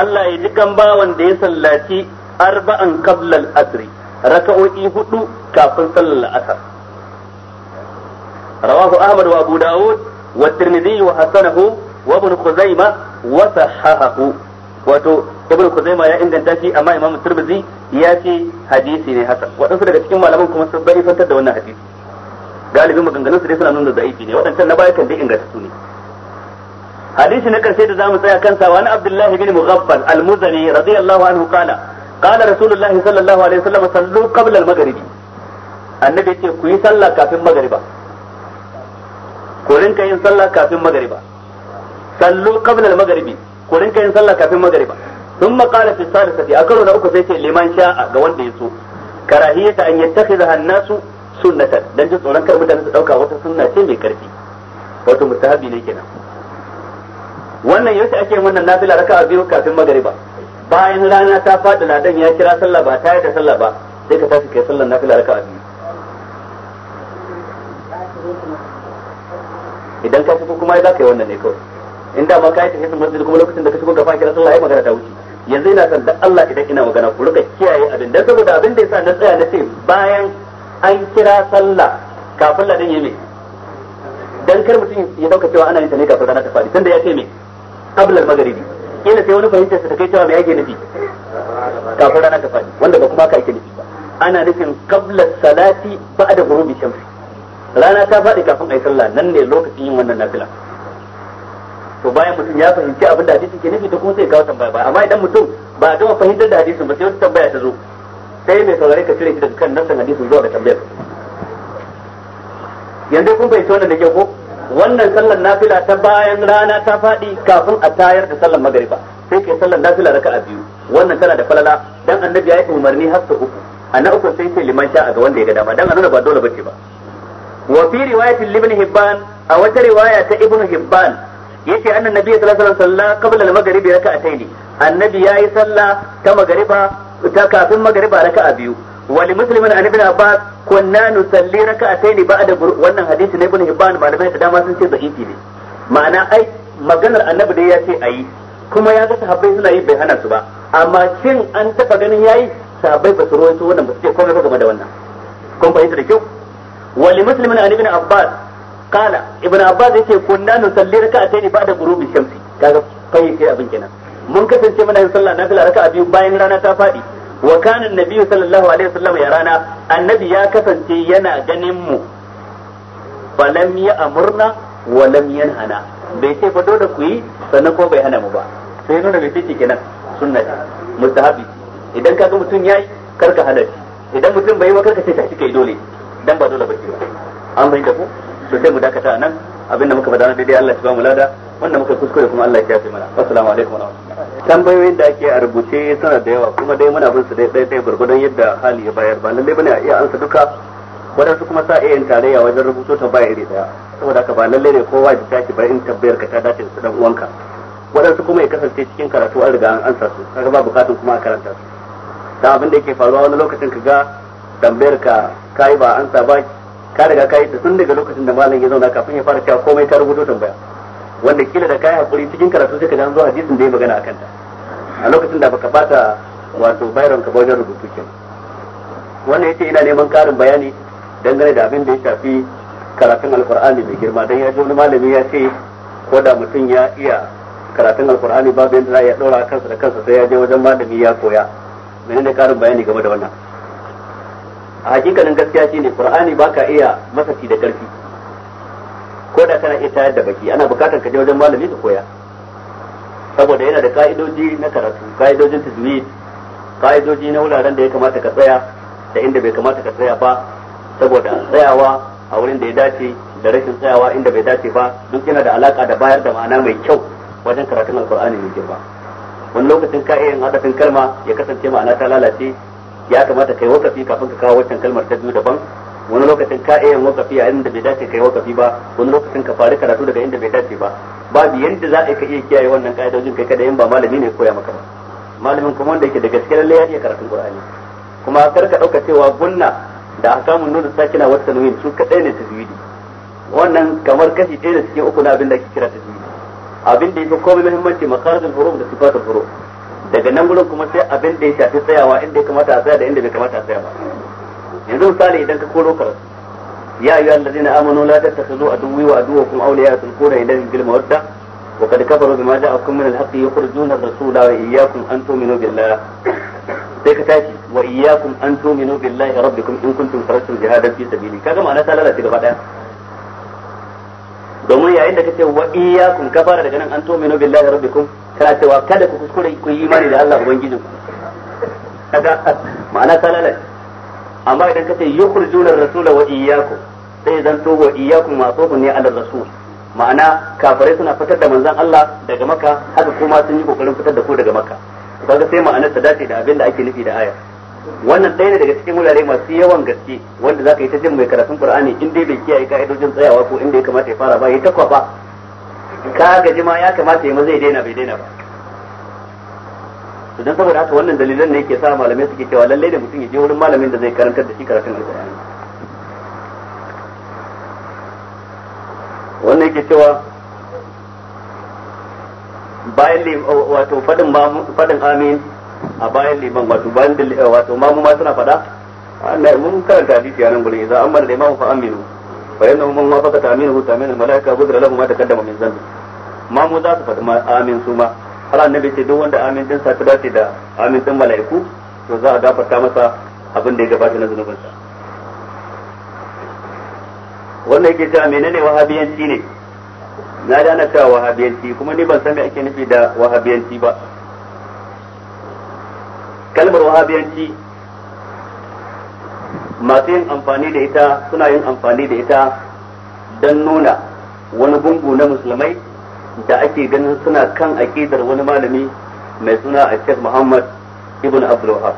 الله يجي كان باwan da ya sallaci arba'an qabl al-asr raka'o'i hudu kafin sallar asar rawahu ahmad wa abu daud wa tirmidhi wa hasanahu wa ibn khuzaimah wa sahahahu wato ibn kuzaima ya inganta shi amma imam turbizi ya ce hadisi ne hasan wadansu daga cikin malaman kuma sun bai fantar da wannan hadisi galibin maganganun su dai suna nuna da'ifi ne wadancan na baya kan dai inganta su ne hadisi na karshe da zamu tsaya kansa wani abdullahi bin mughaffal al-muzani radiyallahu anhu qala qala rasulullah sallallahu alaihi wasallam sallu qabla al-maghribi annabi yace ku yi sallah kafin magriba ku rinka yin sallah kafin magriba sallu qabla al-maghribi ku rinka yin sallah kafin magariba sun qala fi a karo na uku sai ce liman sha'a ga wanda ya so karahiyata an ta an-nasu sunnatan don jin tsoron kar mutane su dauka wata sunna ce mai karfi wato mutahabi ne kenan wannan yaushe ake wannan nafila a biyu kafin magariba. bayan rana ta faɗi ladan ya kira sallah ba ta da sallah ba sai ka tafi kai sallar nafila a biyu idan ka fito kuma za ka yi wannan ne kawai in da ma kai tafi masjid kuma lokacin da ka shigo gaba kira sallah ai magana ta wuce yanzu ina san da Allah idan ina magana ku rika kiyaye abin dan saboda abin da yasa na tsaya na ce bayan an kira sallah kafin ladin yi me dan kar mutum ya dauka cewa ana yin ta ne kafin rana ta fadi tunda ya ce me qabla al-maghribi kila sai wani fahimtar sa kai cewa me yake nufi kafin rana ta fadi wanda ba kuma ka yake nufi ba ana nufin qabla salati ba'da ghurubi shamsi rana ta fadi kafin ayi sallah nan ne lokacin yin wannan nafila to bayan mutum ya fahimci abin da hadisin ke nufi to kuma sai kawo tambaya ba amma idan mutum ba gama fahimtar da hadisin ba sai wata tambaya ta zo sai mai saurare ka cire shi daga kan nassan hadisin zuwa ga tambayar yanzu kun fahimci wannan da ke ko wannan sallar nafila ta bayan rana ta faɗi kafin a tayar da sallar magariba sai kai sallar nafila a biyu wannan tana da falala dan annabi ya yi umarni har sau uku a na uku sai ce liman a ga wanda ya ga dama dan annabi ba dole bace ba wa fi riwayatin ibn hibban a wata riwaya ta ibn hibban yake annan nabi sallallahu alaihi wasallam qabla al-maghrib raka'atayn annabi yayi sallah ta magriba ta kafin magriba raka'a biyu wali muslimin an ibn abbas kunna nusalli raka'atayn ba'da wannan hadisi ne ibn hibban malamai da dama sun ce da'ifi ne ma'ana ai maganar annabi dai ya ce ayi kuma ya ga sahabbai suna yi bai hana su ba amma shin an taba ganin yayi sahabbai ba su rawaito wannan ba su ce komai ba game da wannan kun fahimta da kyau wali muslimin an ibn abbas kala ibn abbas yace kunna nusalli ba da ghurubi shamsi kaga fayyace abin kenan mun kasance muna yin sallah nafila raka'a biyu bayan rana ta fadi wa kana annabiyyu sallallahu alaihi wasallam ya rana annabi ya kasance yana ganin mu falam ya amurna wa lam yanhana bai ce ba dole ku yi sannan ko bai hana mu ba sai nuna mai fice kenan sunna ce mustahabi idan ga mutum yayi karka halaci idan mutum bai yi ba karka ce ta shi kai dole dan ba dole ba ce ba an bayyana ku to sai mu dakata nan abinda muka faɗa na daidai Allah ya ba mu lada wanda muka kuskure kuma Allah ya kiyaye mana assalamu alaikum wa rahmatullahi tambayoyin da ake a rubuce suna da yawa kuma dai muna bin su dai dai gurgudan yadda hali ya bayar ba lalle bane a iya ansa duka wadansu kuma sa yin tarayya wajen rubuto ba iri daya saboda haka ba lalle ne kowa ya tashi ba in tabbayar ka ta dace da dan uwanka wadansu kuma ya kasance cikin karatu an riga an ansa su kaga ba bukatun kuma a karanta su da abin da yake faruwa wani lokacin ka ga tambayar ka kai ba ansa ba ka riga ka yi tun daga lokacin da malam ya zauna kafin ya fara cewa komai ka rubuto tambaya wanda kila da kai hakuri cikin karatu sai ka zo hadisin da ya magana akan ta a lokacin da baka bata wato bayron ka wajen rubutu kin wannan yace ina neman karin bayani dangane da abin da ya shafi karatun alkur'ani mai girma dan ya ji wani malami ya ce ko da mutum ya iya karatun alkur'ani babu yadda za a iya ɗora kansa da kansa sai ya je wajen malami ya koya menene karin bayani game da wannan a hakikanin gaskiya ne qur'ani baka iya masaci da karfi ko da kana iya tayar da baki ana bukatar ka je wajen malami ka koya saboda yana da ka'idoji na karatu ka'idojin tajwid ka'idoji na wuraren da ya kamata ka tsaya da inda bai kamata ka tsaya ba saboda tsayawa a wurin da ya dace da rashin tsayawa inda bai dace ba duk yana da alaka da bayar da ma'ana mai kyau wajen karatun alkur'ani mai girma wani lokacin ka hadafin kalma ya kasance ma'ana ta lalace ya kamata kai wakafi kafin ka kawo wancan kalmar ta biyu daban wani lokacin ka iya wakafi a inda bai dace kai wakafi ba wani lokacin ka fari karatu daga inda bai dace ba babu yadda za a ka iya kiyaye wannan ka'idojin kai kada yin ba malami ne koya maka ba malamin kuma wanda yake da gaske lalle ya iya karatun qur'ani kuma kar ka dauka cewa gunna da akamun nuna sakina wata tanwin su kadai ne tajwidi wannan kamar kashi ɗaya da cikin uku na abin da ake kira tajwidi abin da ya fi komai muhimmanci makarin huruf da sifatul huruf daga nan gurin kuma sai abin da ya shafi tsayawa inda ya kamata a tsaya da inda bai kamata a tsaya ba yanzu misali idan ka koro karatu ya yi ayu allazina amanu la tattakhidhu aduwwi wa aduwwakum awliya tulquna ilayhim bil mawadda wa qad kafaru bima a min al ya yukhrijuna ar-rasula wa iyyakum an tu'minu billah sai ka tashi wa iyyakum an tu'minu billahi rabbikum in kuntum farastum jihadan fi sabili kaga ma'ana ta lalace gaba daya domin yayin da kace wa iyyakum kafara daga nan an mino billahi rabbikum kana cewa kada ku kuskure ku yi imani da Allah ubangijin kaga ma'ana ta lalace amma idan kace yukhrijuna ar-rasula wa iyyakum sai zan to wa iyyakum to ne ala rasul ma'ana kafirai suna fitar da manzon Allah daga maka haka kuma sun yi kokarin fitar da ku daga maka kaga sai ma'anar ta dace da abin da ake nufi da aya wannan ɗaya ne daga cikin wurare masu yawan gaske wanda zaka yi ta jin mai karatun Qur'ani in dai bai kiyaye ka'idojin tsayawa ko inda ya kamata ya fara ba ya ba ka gaji ma ya kamata ya maza ya daina bai daina ba to dan saboda haka wannan dalilan ne yake sa malamai suke cewa lallai da mutum ya je wurin malamin da zai karantar da shi karatun alkur'ani wannan yake cewa bayan wato fadin amin a bayan liman wato bayan da eh, wato mamu ma suna faɗa Allah mun karanta hadisi a nan gurin idan amma da imamu fa aminu fa innahu man wafaqa ta'minuhu ta'min al-malaika da lahum ma taqaddama min dhanbi mamu za su faɗi ma amin su ma har annabi ce duk wanda amin din sa ta dace da amin din mala'iku to za a gafarta masa abin da ya gabata na sa wannan yake cewa menene wahabiyanci ne na dana cewa wahabiyanci kuma ni ban san me ake nufi da wahabiyanci ba kalmar wahabiyanci masu yin amfani da ita suna yin amfani da ita don nuna wani gungu na musulmai da ake ganin suna kan aƙidar wani malami mai suna a Sheikh Muhammad ibn Abdul Wahab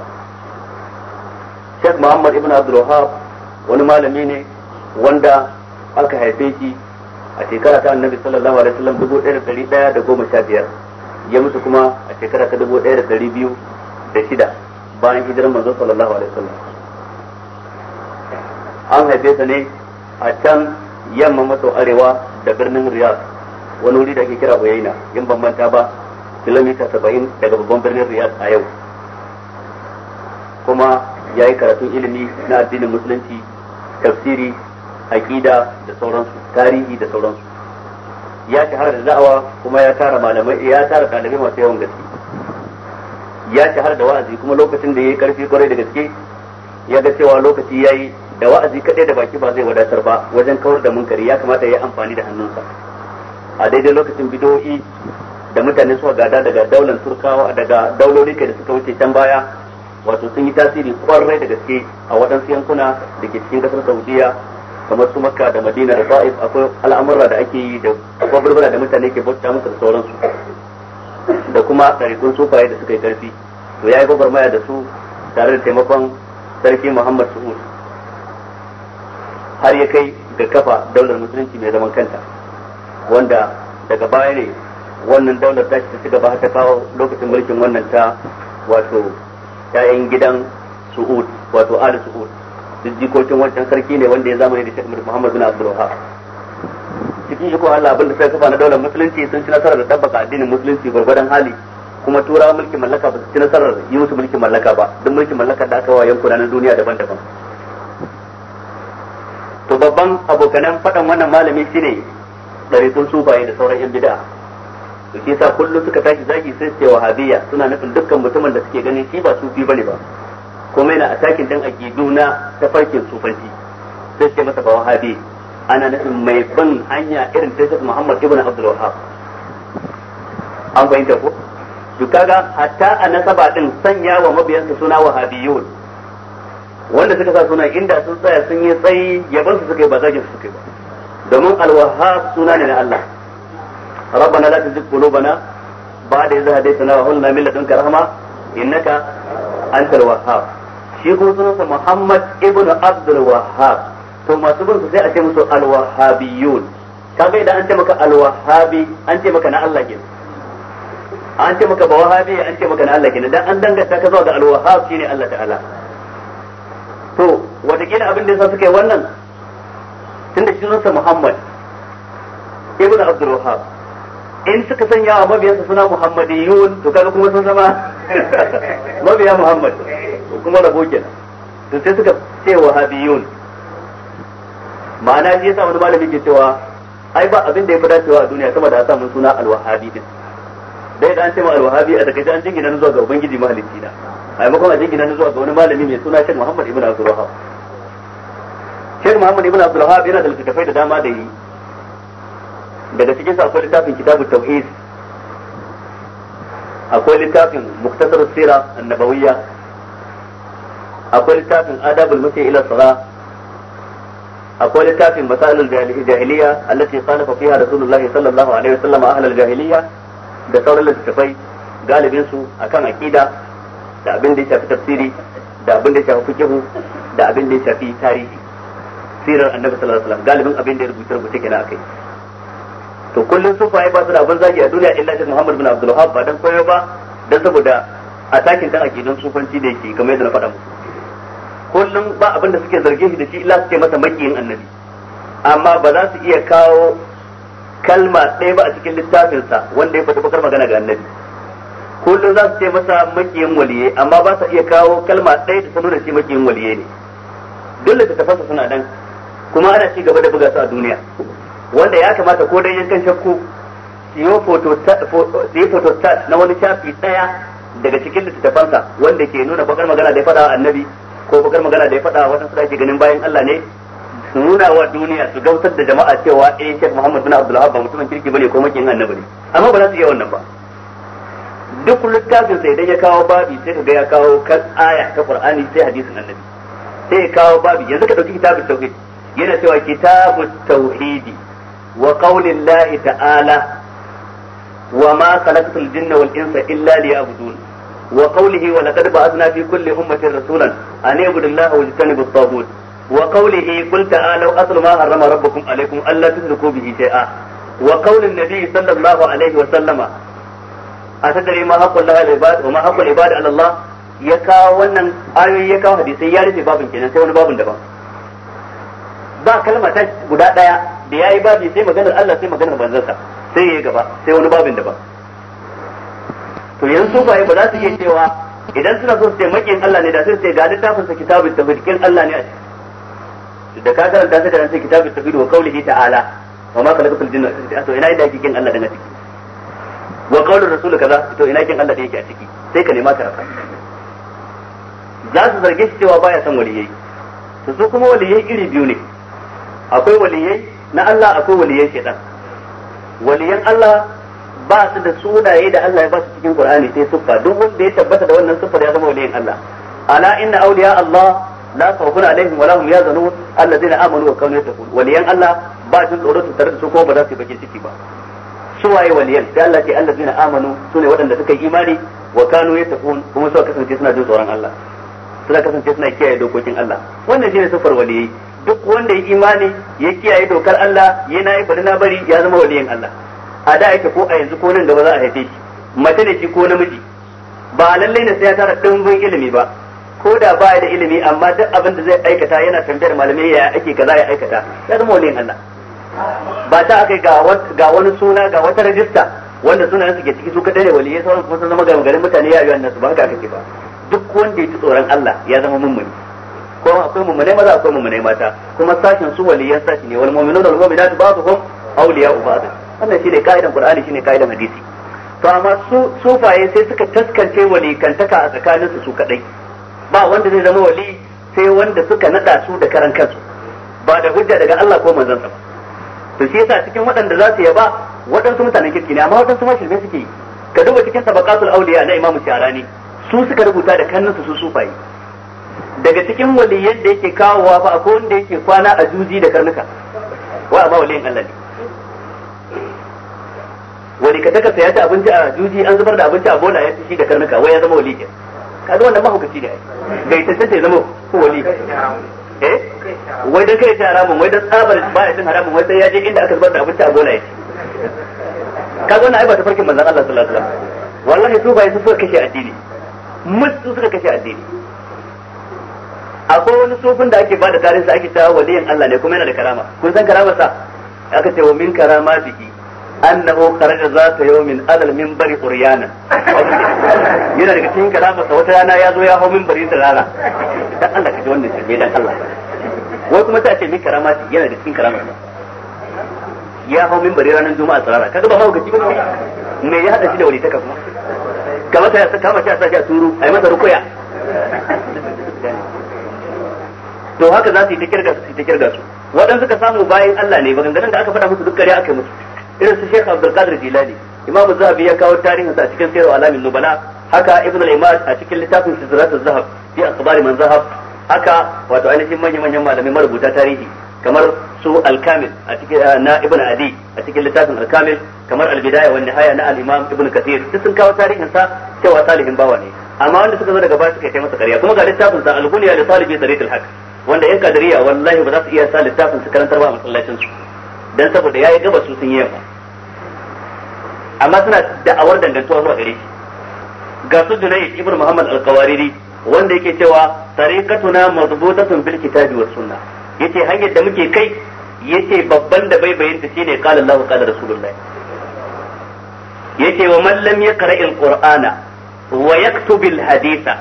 Sheikh Muhammad ibn Abdul wani malami ne wanda aka haife shi a shekara ta Annabi sallallahu alaihi wasallam biyar ya mutu kuma a shekara ta dubu biyu. da shida bayan hijiran manzo sallallahu alaihi wasallam an haife sa ne a can yamma maso arewa da birnin riyadh wani wuri da ake kira Uyaina in ban manta ba kilomita saba'in daga babban birnin riyadh a yau kuma ya yi karatun ilimi na addinin musulunci tafsiri aƙida da sauransu tarihi da sauransu ya shahara da da'awa kuma ya tara malamai ya tara ɗalibai masu yawan gaske ya shahara da wa'azi kuma lokacin da yi karfi kwarai da gaske ya ga cewa lokaci ya yi da wa'azi kaɗai da baki ba zai wadatar ba wajen kawar da munkari ya kamata ya yi amfani da hannunsa a daidai lokacin bidoyi da mutane suka gada daga daular turkawa daga daulolin da suka wuce can baya wato sun yi tasiri kwarai da gaske a waɗansu yankuna da ke cikin ƙasar saudiya kamar su makka da madina da ta'if akwai al'amura da ake yi da kwakwalwala da mutane ke bauta musu da sauransu da kuma ɗarikun sufaye da suka yi ƙarfi to ya yi maya da su tare da taimakon sarki muhammad su'ud har ya kai ga kafa daular musulunci mai zaman kanta wanda daga baya ne wannan daular ta ci gaba ta kawo lokacin mulkin wannan ta wato ƴaƴan gidan su'ud wato ali su'ud duk jikokin wancan sarki ne wanda ya ne da shekaru muhammad bin abdul cikin ko Allah abin da sai kafa na daular musulunci sun ci nasarar da tabbaka addinin musulunci gwargwadon hali kuma tura mulkin mallaka ba su ci nasarar yi musu mulkin mallaka ba duk mulkin mallaka da aka wa yankuna na duniya daban-daban to babban abokanan faɗan wannan malami shine ɗariƙun sufaye da sauran yan bid'a to shi yasa kullum suka tashi zaki sai ce wahabiyya suna nufin dukkan mutumin da suke ganin shi ba sufi bane ba kuma yana a takin dan aqidu na tafarkin sufanci sai ce masa ba wahabi ana nufin mai bin hanya irin ta Sheikh Muhammad ibn Abdul Wahhab an fahimta ko to kaga hatta a nasaba din sanya wa mabiyansa suna wahabiyun wanda suka sa suna inda sun tsaya sun yi tsayi yaban su suka yi ba zagin su suka yi ba domin al-wahhab suna ne na Allah ربنا لا dai قلوبنا بعد إذ هديتنا وهب لنا من لدنك رحمة إنك أنت الوهاب شيخ سنة محمد Muhammad Ibn الوهاب to masu bin su sai a ce musu alwahabiyun kaga idan an ce maka alwahabi an ce maka na Allah ke an ce maka bawahabi an ce maka na Allah ke dan an danganta ka zuwa ga alwahab shine Allah ta'ala to wataƙila abin da yasa suka yi wannan tunda shi sunansa Muhammad ibn Abdul Wahhab in suka sanya wa mabiyansa suna Muhammadiyun to kaga kuma sun zama <laughs> mabiya Muhammad kuma rabo kenan to sai suka ce wahabiyun ma'ana shi yasa wani malami ke cewa ai ba abin da ya fi dacewa a duniya sama da a samun suna alwahabi din dai da an ce ma alwahabi a daga an jingina zuwa ga ubangiji mahalicci na a maimakon a jingina zuwa ga wani malami mai suna shek muhammad ibn abdul shek muhammad ibn abdul yana da littattafai da dama da yi daga cikin sa akwai littafin kitabu tauhid akwai littafin muktasar sira annabawiyya akwai littafin adabul mutai ila salah akwai littafin masalul jahiliya allati qalafa fiha rasulullahi sallallahu alaihi wasallam ahlul jahiliya da sauran littafai galibin su akan aqida da abin da ya shafi tafsiri da abin da ya shafi fiqh da abin da ya shafi tarihi sirar annabi sallallahu alaihi wasallam galibin abin da ya rubuta rubuta kenan akai to kullun sufaye ba su da abin zagi a duniya illa shi Muhammad bin Abdul Wahhab ba dan koyo ba dan saboda a takin kan aqidun sufanci da yake kamar yadda na faɗa muku kullum ba abin da suke zarge shi da shi illa suke masa makiyin annabi amma ba za su iya kawo kalma ɗaya ba a cikin littafinsa wanda ya fita bakar magana ga annabi kullum za su ce masa makiyin waliye amma ba su iya kawo kalma ɗaya da ta nuna shi makiyin waliye ne dole ta tafasa suna nan kuma ana ci gaba da buga su a duniya wanda ya kamata ko dai yankan shakku su yi photostat na wani shafi ɗaya daga cikin littattafansa wanda ke nuna bakar magana da ya faɗa annabi ko bakar magana da ya faɗa wata da ke ganin bayan Allah ne su nuna wa duniya su gautar da jama'a cewa eh Sheikh Muhammad bin Abdul Wahab ba mutumin kirki bane ko makin annabi ne amma ba za su iya wannan ba duk littafin sai idan ya kawo babi sai ka ga ya kawo kan aya ta Qur'ani sai hadisin annabi sai ya kawo babi yanzu ka dauki kitabut tauhid yana cewa kitabut tauhidi wa qaulillahi ta'ala wa ma khalaqtul jinna wal insa illa liya'budun wa qawlihi wa laqad ba'athna fi kulli ummatin rasulan أن يعبد الله واجتنبوا الطاغوت وقوله قل تعالوا أصل ما حرم ربكم عليكم ألا تشركوا به شيئا وقول النبي صلى الله عليه وسلم أتدري ما حق الله العباد وما حق العباد على الله ya kawo wannan ayoyi ya kawo hadisai ya rufe babin kenan sai wani babin daban ba kalma ta guda daya da yayi babi sai maganar Allah sai maganar manzansa sai yayi gaba sai wani babin daban to yanzu ba ba za su iya cewa idan suna so su ce makiyin Allah ne da sai su ce ga littafin sa kitabut tauhid kin Allah ne a ciki da ka karanta sai ka ce kitabut tauhid wa qaulihi ta'ala wa ma khalaqatul jinna to ina da yake kin Allah daga ciki wa qaulur rasul kaza to ina kin Allah da yake a ciki sai ka nema ka za su zarge shi cewa baya son waliyai to su kuma waliyai iri biyu ne akwai waliyai na Allah akwai waliyai shedan waliyan Allah ba su da sunaye da Allah ya ba su cikin Qur'ani sai suffa duk wanda ya tabbata da wannan suffar ya zama waliyin Allah ala inna awliya Allah la khawfun alaihim wa lahum yahzanun alladheena amanu wa kanu yattaqun waliyan Allah ba su tsoro su tare da su ko ba za su yi bakin ciki ba su waye waliyan sai Allah ce alladheena amanu sune waɗanda suka yi imani wa kanu yattaqun kuma suka kasance suna jin tsoron Allah suna kasance suna kiyaye dokokin Allah wannan shine suffar waliyi duk wanda ya imani ya kiyaye dokar Allah yana yi bari na bari ya zama waliyin Allah a da yake ko a yanzu ko nan gaba za a haife shi mace da shi ko namiji ba lallai ne sai ya tara dimbin ilimi ba ko da ba da ilimi amma duk abin da zai aikata yana tambayar malamai ya ake kaza ya aikata ya zama wani Allah ba ta akai ga wani suna ga wata rajista wanda suna su ke ciki su kadai wali ya sauran kuma sun zama garin mutane ya yi wannan su ba haka kake ba duk wanda ya ci tsoron Allah ya zama mummuni ko akwai mummunai maza akwai mummune mata kuma sashin su waliyan sashi ne wal mu'minuna wal mu'minatu ba'dhum awliya'u ba'd wannan shine kaidan qur'ani shine kaidan hadisi to amma su sufaye sai suka taskance walikantaka a tsakanin su su kadai ba wanda zai zama wali sai wanda suka nada su da karan kansu ba da hujja daga Allah ko manzon sa to shi yasa cikin waɗanda za su yaba waɗansu mutanen kirki ne amma waɗansu ma shirme suke ka duba cikin tabaqatul awliya na imamu Sharani su suka rubuta da kannun su su sufaye daga cikin waliyan da yake kawowa ba akwai wanda yake kwana a juji da karnuka wa ba waliyin Allah ne wani ka takarsa ya abinci a juji an zubar da abinci a bola ya shi da karnuka wai ya zama wali kenan kaga wannan mahaukaci ne bai ta ya zama wali eh wai dan kai ta haramun wai dan tsabar baya cin haramun wai sai ya je inda aka zubar da abinci a bola ya ci zama wannan ai ba ta farkin manzon Allah sallallahu alaihi wasallam wallahi su bai su suka kashe addini musu suka kashe addini akwai wani sufin da ake ba da tarihi ake cewa waliyin Allah ne kuma yana da karama kun san karamar sa aka ce wa min biki. annahu kharaja zata yawmin alal minbari uryana yana daga cikin kalama sa wata rana ya zo ya hau minbari da rana dan Allah ka ji wannan shirme dan Allah wai kuma ta ce min karama yana da cikin karama ya hau minbari ranar juma'a ka ga ba hau gaci ba me ya hada shi da wani ta kafa ya sa kama shi a sashi a turu ai masa rukuya to haka za su yi ta kirga su ta kirga su waɗansu ka samu bayan Allah ne maganganun da aka faɗa musu duk kare aka musu irin su Sheikh Abdul Qadir Jilani Imam Zahabi ya kawo tarihin sa a cikin Sirru Alamin Nubala haka Ibn al-Imad a cikin littafin Sidrat az-Zahab fi akhbar man zahab haka wato ainihin manyan manyan malamai marubuta tarihi kamar su al-Kamil a cikin eh, na Ibn Adi a cikin littafin al-Kamil kamar al-Bidaya wa Nihaya na al-Imam Ibn Kathir duk sun kawo tarihin sa cewa salihin bawa ne amma wanda suka zo daga baya suka yi masa ƙarya kuma ga littafin sa al-Bunya li talibi tariqil haq wanda yan kadariya wallahi ba za su iya sa littafin su karantar ba a masallacin su dan saboda yayi gaba su sun yi yamma amma suna da'awar dangantuwa zuwa gare shi ga su Junayd ibn Muhammad al-Qawariri wanda yake cewa tariqatuna madbutatun bil kitabi was sunna yace hanyar da muke kai yace babban da bai bayyanta shine qala Allahu qala rasulullahi yace wa man lam yaqra' al-Qur'ana wa yaktub al-haditha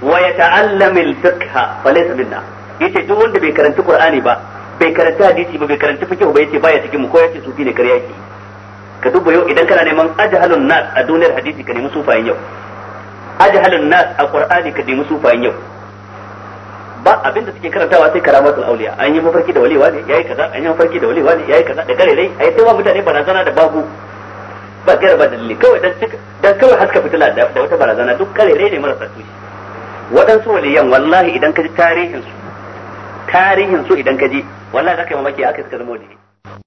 wa yata'allam al-fiqha falaysa minna yace duk wanda bai karanta Qur'ani ba bai karanta hadisi ba bai karanta fiqh ba yace baya cikin mu ko yace sufi ne kariya yake ka duba yau idan kana neman ajhalun nas a duniyar hadisi ka nemi sufayen yau ajhalun nas a qur'ani ka nemi sufayen yau ba abinda suke karantawa sai karamatul auliya an yi mafarki da waliwa ne yayi kaza an yi mafarki da waliwa ne yayi kaza da kare dai ai sai wa mutane barazana da babu ba gaira ba dalili kawai dan dan kawai haska fitila da wata barazana duk kare ne marasa tushe waɗansu waliyan wallahi idan ka ji tarihin su tarihin su idan ka je wallahi zaka yi mamaki aka suka zama wajibi